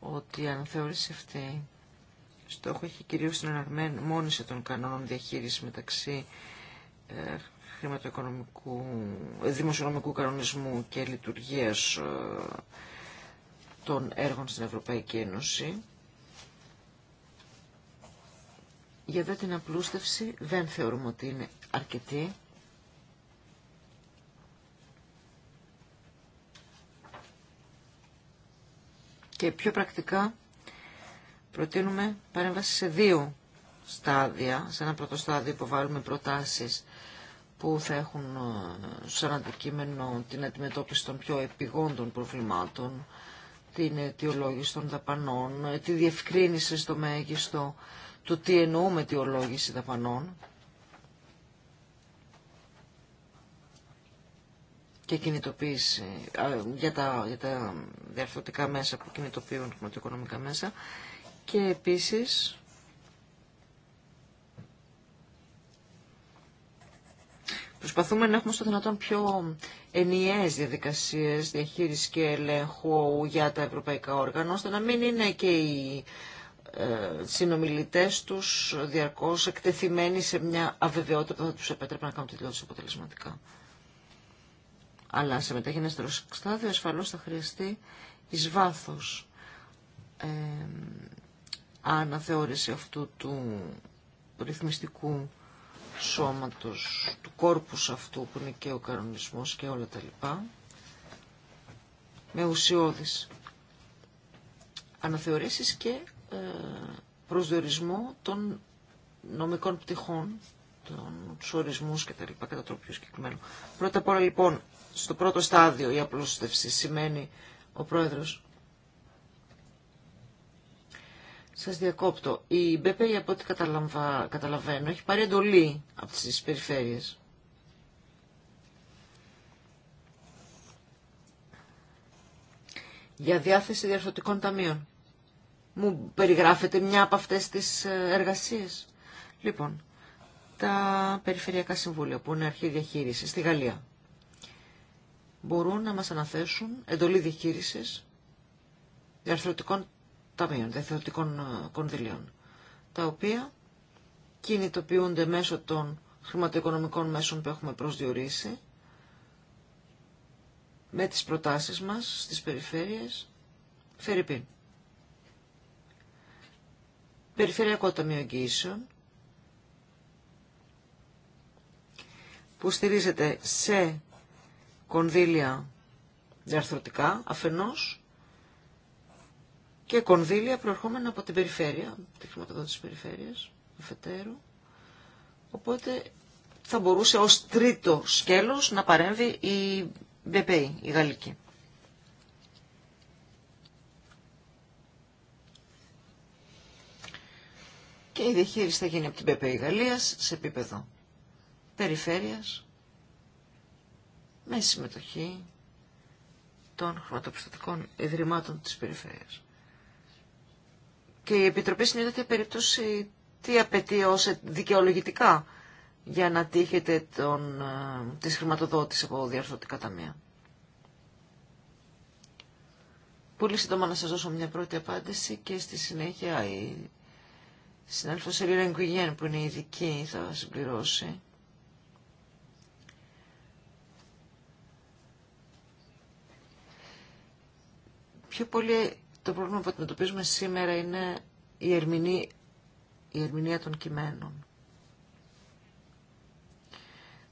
ότι αν θεωρήσετε αυτή στόχο έχει κυρίως την εναρμόνιση των κανόνων διαχείρισης μεταξύ ε, χρηματοοικονομικού, δημοσιονομικού κανονισμού και λειτουργίας ε, των έργων στην Ευρωπαϊκή Ένωση. Για δε την απλούστευση δεν θεωρούμε ότι είναι αρκετή. Και πιο πρακτικά προτείνουμε παρέμβαση σε δύο στάδια. Σε ένα πρώτο στάδιο υποβάλλουμε προτάσεις που θα έχουν ε, σαν αντικείμενο την αντιμετώπιση των πιο επιγόντων προβλημάτων, την αιτιολόγηση των δαπανών, ε, τη διευκρίνηση στο μέγιστο του τι εννοούμε αιτιολόγηση δαπανών και κινητοποίηση ε, για τα, για τα μέσα που κινητοποιούν οικονομικά μέσα και επίσης Προσπαθούμε να έχουμε στο δυνατόν πιο ενιαίες διαδικασίες διαχείρισης και ελέγχου για τα ευρωπαϊκά όργανα, ώστε να μην είναι και οι ε, συνομιλητές τους διαρκώς εκτεθειμένοι σε μια αβεβαιότητα που θα τους επέτρεπε να κάνουν τη δουλειά τους αποτελεσματικά. Αλλά σε μεταγενέστερο στάδιο ασφαλώς θα χρειαστεί εις βάθος ε, αναθεώρηση αυτού του ρυθμιστικού σώματος, του κόρπους αυτού που είναι και ο κανονισμός και όλα τα λοιπά, με ουσιώδεις αναθεωρήσεις και ε, προσδιορισμό των νομικών πτυχών, των ορισμούς και τα λοιπά, κατά τρόπο συγκεκριμένο. Πρώτα απ' όλα λοιπόν, στο πρώτο στάδιο η απλούστευση σημαίνει ο πρόεδρος Σας διακόπτω. Η ΜΠΕΠΕ, από ό,τι καταλαβαίνω, έχει πάρει εντολή από τις περιφέρειες. Για διάθεση διαρθρωτικών ταμείων. Μου περιγράφεται μια από αυτές τις ε, εργασίες. Λοιπόν, τα Περιφερειακά Συμβούλια που είναι αρχή διαχείρισης στη Γαλλία μπορούν να μας αναθέσουν εντολή διαχείρισης διαρθρωτικών ταμείων, διαθεωτικών ε, κονδυλίων, τα οποία κινητοποιούνται μέσω των χρηματοοικονομικών μέσων που έχουμε προσδιορίσει, με τις προτάσεις μας στις περιφέρειες, Φερρυπίν. Περιφερειακό Ταμείο Εγγύησεων, που στηρίζεται σε κονδύλια διαρθρωτικά, αφενός, και κονδύλια προερχόμενα από την περιφέρεια, τη χρηματοδότηση της περιφέρειας, αφετέρου. Οπότε θα μπορούσε ως τρίτο σκέλος να παρέμβει η ΜΠΕΗ, η γαλλική. Και η διαχείριση θα γίνει από την Γαλλίας σε επίπεδο περιφέρειας με συμμετοχή των χρηματοπιστωτικών ιδρυμάτων της περιφέρειας. Και η Επιτροπή συνήθω περίπτωση τι απαιτεί ως δικαιολογητικά για να τύχετε τον, ε, της χρηματοδότηση από διαρθρωτικά ταμεία. Πολύ σύντομα να σας δώσω μια πρώτη απάντηση και στη συνέχεια η συνάδελφος Ελίρα Εγκουγέν που είναι ειδική θα συμπληρώσει. Πιο πολύ το πρόβλημα που αντιμετωπίζουμε σήμερα είναι η, ερμηνεία των κειμένων.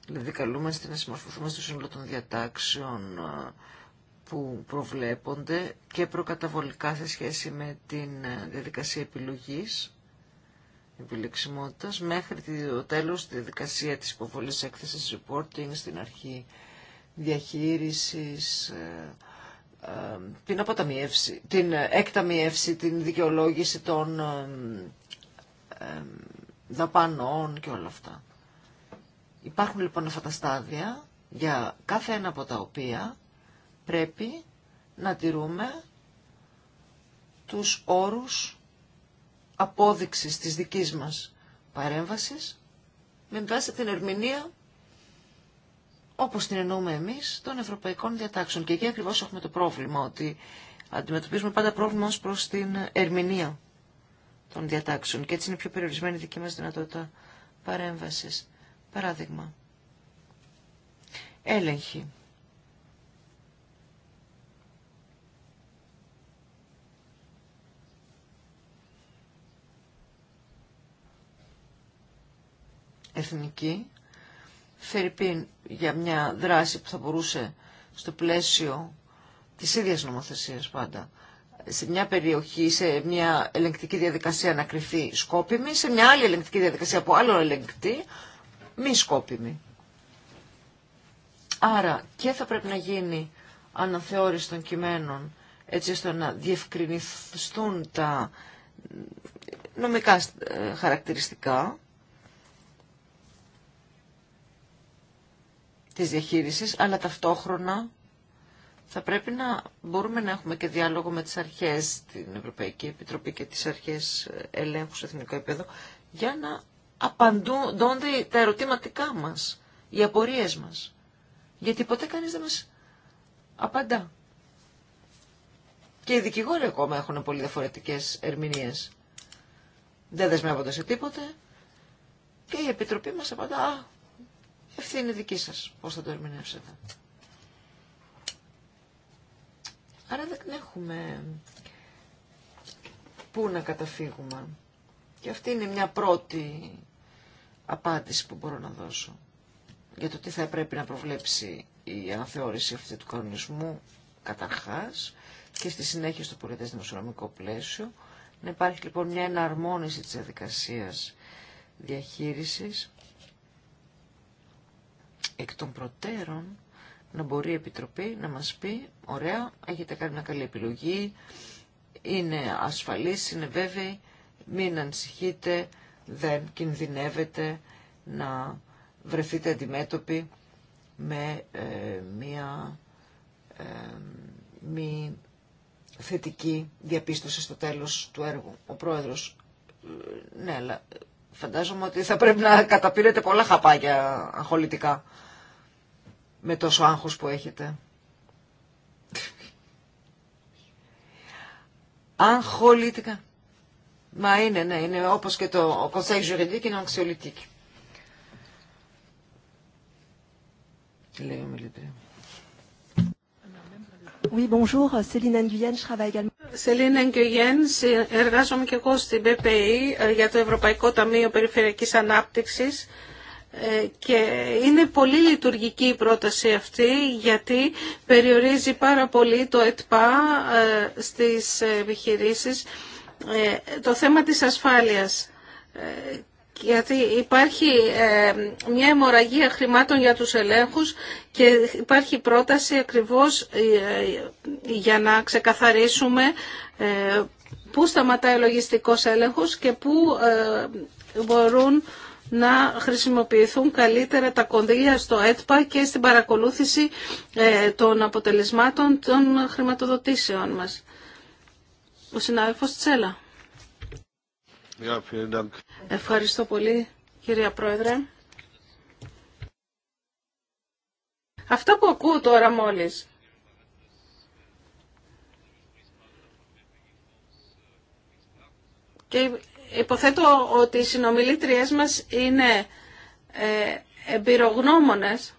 Δηλαδή καλούμαστε να συμμορφωθούμε στο σύνολο των διατάξεων που προβλέπονται και προκαταβολικά σε σχέση με την διαδικασία επιλογής, επιλεξιμότητας, μέχρι το τέλος τη διαδικασία της υποβολής έκθεσης reporting στην αρχή διαχείρισης, την αποταμίευση, την εκταμίευση, την δικαιολόγηση των ε, ε, δαπανών και όλα αυτά. Υπάρχουν λοιπόν αυτά τα στάδια για κάθε ένα από τα οποία πρέπει να τηρούμε τους όρους απόδειξης της δικής μας παρέμβασης με βάση την ερμηνεία όπως την εννοούμε εμείς, των ευρωπαϊκών διατάξεων. Και εκεί ακριβώς έχουμε το πρόβλημα, ότι αντιμετωπίζουμε πάντα πρόβλημα ως προς την ερμηνεία των διατάξεων. Και έτσι είναι πιο περιορισμένη η δική μας δυνατότητα παρέμβασης. Παράδειγμα, έλεγχη. Εθνική, Φερρυπίν για μια δράση που θα μπορούσε στο πλαίσιο της ίδιας νομοθεσίας πάντα σε μια περιοχή, σε μια ελεγκτική διαδικασία να κρυφθεί σκόπιμη, σε μια άλλη ελεγκτική διαδικασία από άλλο ελεγκτή, μη σκόπιμη. Άρα και θα πρέπει να γίνει αναθεώρηση των κειμένων έτσι ώστε να διευκρινιστούν τα νομικά χαρακτηριστικά της διαχείρισης, αλλά ταυτόχρονα θα πρέπει να μπορούμε να έχουμε και διάλογο με τις αρχές, την Ευρωπαϊκή Επιτροπή και τις αρχές ελέγχου σε εθνικό επίπεδο, για να απαντούνται τα ερωτηματικά μας, οι απορίες μας. Γιατί ποτέ κανείς δεν μας απαντά. Και οι δικηγόροι ακόμα έχουν πολύ διαφορετικές ερμηνείες. Δεν δεσμεύονται σε τίποτε και η Επιτροπή μας απαντά, Ευθύνη δική σας πώς θα το ερμηνεύσετε. Άρα δεν έχουμε πού να καταφύγουμε. Και αυτή είναι μια πρώτη απάντηση που μπορώ να δώσω για το τι θα πρέπει να προβλέψει η αναθεώρηση αυτή του κανονισμού καταρχάς και στη συνέχεια στο πολιτές δημοσιονομικό πλαίσιο. Να υπάρχει λοιπόν μια εναρμόνιση της διαδικασία διαχείρισης εκ των προτέρων να μπορεί η Επιτροπή να μας πει «Ωραία, έχετε κάνει μια καλή επιλογή, είναι ασφαλής, είναι βέβαιη, μην ανησυχείτε, δεν κινδυνεύετε να βρεθείτε αντιμέτωποι με ε, μια ε, μη θετική διαπίστωση στο τέλος του έργου. Ο πρόεδρος, ε, ναι, αλλά φαντάζομαι ότι θα πρέπει να καταπήρετε πολλά χαπάκια αγχολητικά με τόσο άγχος που έχετε. Αγχολητικά. Μα είναι, ναι, είναι όπως και το Conseil Juridique είναι Τι Λέει ο μιλήτρια. Oui, bonjour, Céline Σελίνα Γκυγέν, εργάζομαι και εγώ στην ΠΠΗ ε, για το Ευρωπαϊκό Ταμείο Περιφερειακής Ανάπτυξης ε, και είναι πολύ λειτουργική η πρόταση αυτή γιατί περιορίζει πάρα πολύ το ΕΤΠΑ ε, στις επιχειρήσεις ε, το θέμα της ασφάλειας γιατί υπάρχει μια αιμορραγία χρημάτων για τους ελέγχους και υπάρχει πρόταση ακριβώς για να ξεκαθαρίσουμε πού σταματάει ο λογιστικός έλεγχος και πού μπορούν να χρησιμοποιηθούν καλύτερα τα κονδύλια στο ΕΤΠΑ και στην παρακολούθηση ε, των αποτελεσμάτων των χρηματοδοτήσεων μας. Ο συνάδελφος Τσέλα. Ευχαριστώ πολύ, κυρία Πρόεδρε. Αυτά που ακούω τώρα μόλις. Και Υποθέτω ότι οι συνομιλήτριές μας είναι ε, εμπειρογνώμονες.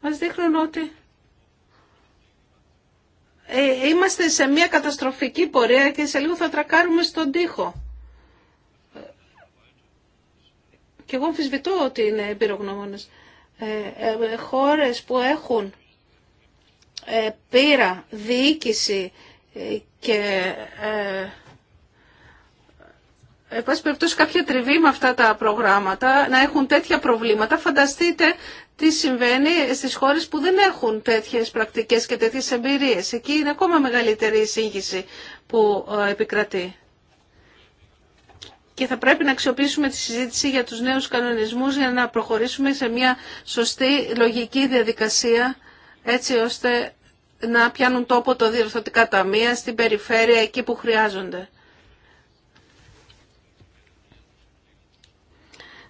Μας δείχνουν ότι ε, είμαστε σε μια καταστροφική πορεία και σε λίγο θα τρακάρουμε στον τοίχο. Και εγώ αμφισβητώ ότι είναι εμπειρογνώμονες. Ε, ε χώρες που έχουν πείρα, διοίκηση και ε, πάση κάποια τριβή με αυτά τα προγράμματα να έχουν τέτοια προβλήματα. Φανταστείτε τι συμβαίνει στις χώρες που δεν έχουν τέτοιες πρακτικές και τέτοιες εμπειρίες. Εκεί είναι ακόμα μεγαλύτερη η σύγχυση που ε, επικρατεί. Και θα πρέπει να αξιοποιήσουμε τη συζήτηση για τους νέους κανονισμούς για να προχωρήσουμε σε μια σωστή λογική διαδικασία έτσι ώστε να πιάνουν τόπο το διορθωτικά ταμεία στην περιφέρεια εκεί που χρειάζονται.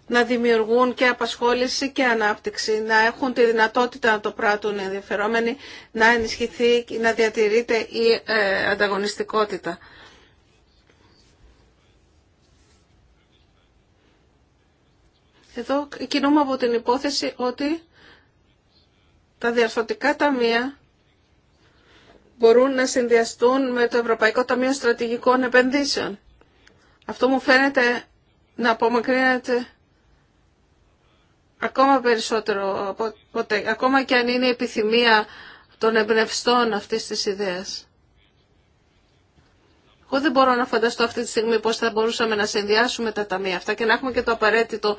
να δημιουργούν και απασχόληση και ανάπτυξη, να έχουν τη δυνατότητα να το πράττουν ενδιαφερόμενοι, να ενισχυθεί και να διατηρείται η ε, ανταγωνιστικότητα. Εδώ κινούμε από την υπόθεση ότι τα διαρθωτικά ταμεία μπορούν να συνδυαστούν με το Ευρωπαϊκό Ταμείο Στρατηγικών Επενδύσεων. Αυτό μου φαίνεται να απομακρύνεται ακόμα περισσότερο από ακόμα και αν είναι η επιθυμία των εμπνευστών αυτής της ιδέας. Εγώ δεν μπορώ να φανταστώ αυτή τη στιγμή πώς θα μπορούσαμε να συνδυάσουμε τα ταμεία αυτά και να έχουμε και το απαραίτητο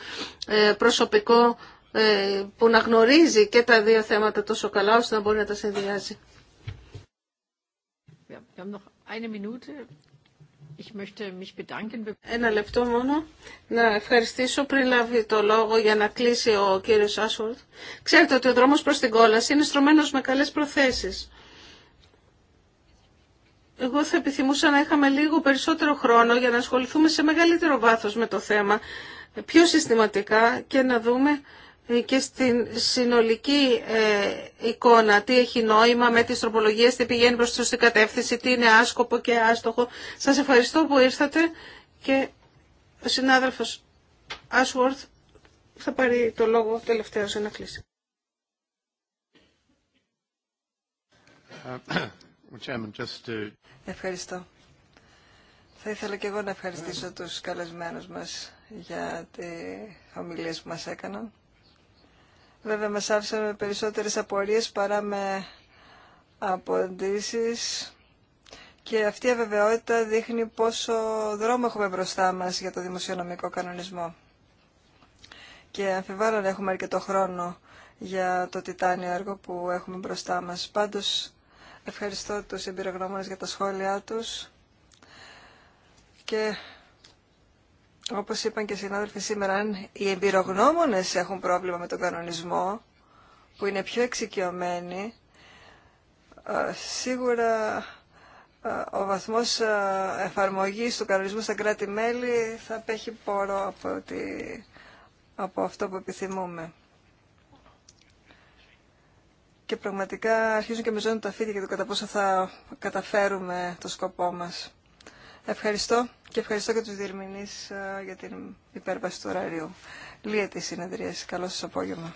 ε, προσωπικό ε, που να γνωρίζει και τα δύο θέματα τόσο καλά ώστε να μπορεί να τα συνδυάζει. Ένα λεπτό μόνο. Να ευχαριστήσω πριν λάβει το λόγο για να κλείσει ο κύριος Άσφορτ. Ξέρετε ότι ο δρόμος προς την κόλαση είναι στρωμένος με καλές προθέσεις. Εγώ θα επιθυμούσα να είχαμε λίγο περισσότερο χρόνο για να ασχοληθούμε σε μεγαλύτερο βάθος με το θέμα, πιο συστηματικά και να δούμε ε, και στην συνολική ε, εικόνα τι έχει νόημα με τις τροπολογίες, τι πηγαίνει προς τη σωστή κατεύθυνση, τι είναι άσκοπο και άστοχο. Σας ευχαριστώ που ήρθατε και ο συνάδελφος Ashworth θα πάρει το λόγο τελευταίο σε να κλείσει. Uh, [COUGHS] ευχαριστώ. Θα ήθελα και εγώ να ευχαριστήσω τους καλεσμένους μας για τις ομιλίες που μας έκαναν. Βέβαια μας άφησαν με περισσότερες απορίες παρά με απαντήσεις και αυτή η αβεβαιότητα δείχνει πόσο δρόμο έχουμε μπροστά μας για το δημοσιονομικό κανονισμό. Και αμφιβάλλω να έχουμε αρκετό χρόνο για το τιτάνιο έργο που έχουμε μπροστά μας. Πάντως ευχαριστώ τους εμπειρογνώμονες για τα σχόλιά τους και όπως είπαν και οι συνάδελφοι σήμερα, αν οι εμπειρογνώμονες έχουν πρόβλημα με τον κανονισμό, που είναι πιο εξοικειωμένοι, ε, σίγουρα ε, ο βαθμός ε, εφαρμογής του κανονισμού στα κράτη-μέλη θα απέχει πόρο από, από αυτό που επιθυμούμε. Και πραγματικά αρχίζουν και με ζώνουν τα φίδια για το κατά πόσο θα καταφέρουμε το σκοπό μας. Ευχαριστώ και ευχαριστώ και του διερμηνεί ε, για την υπέρβαση του ωραρίου. Λύεται η συνεδρία. Καλό σα απόγευμα.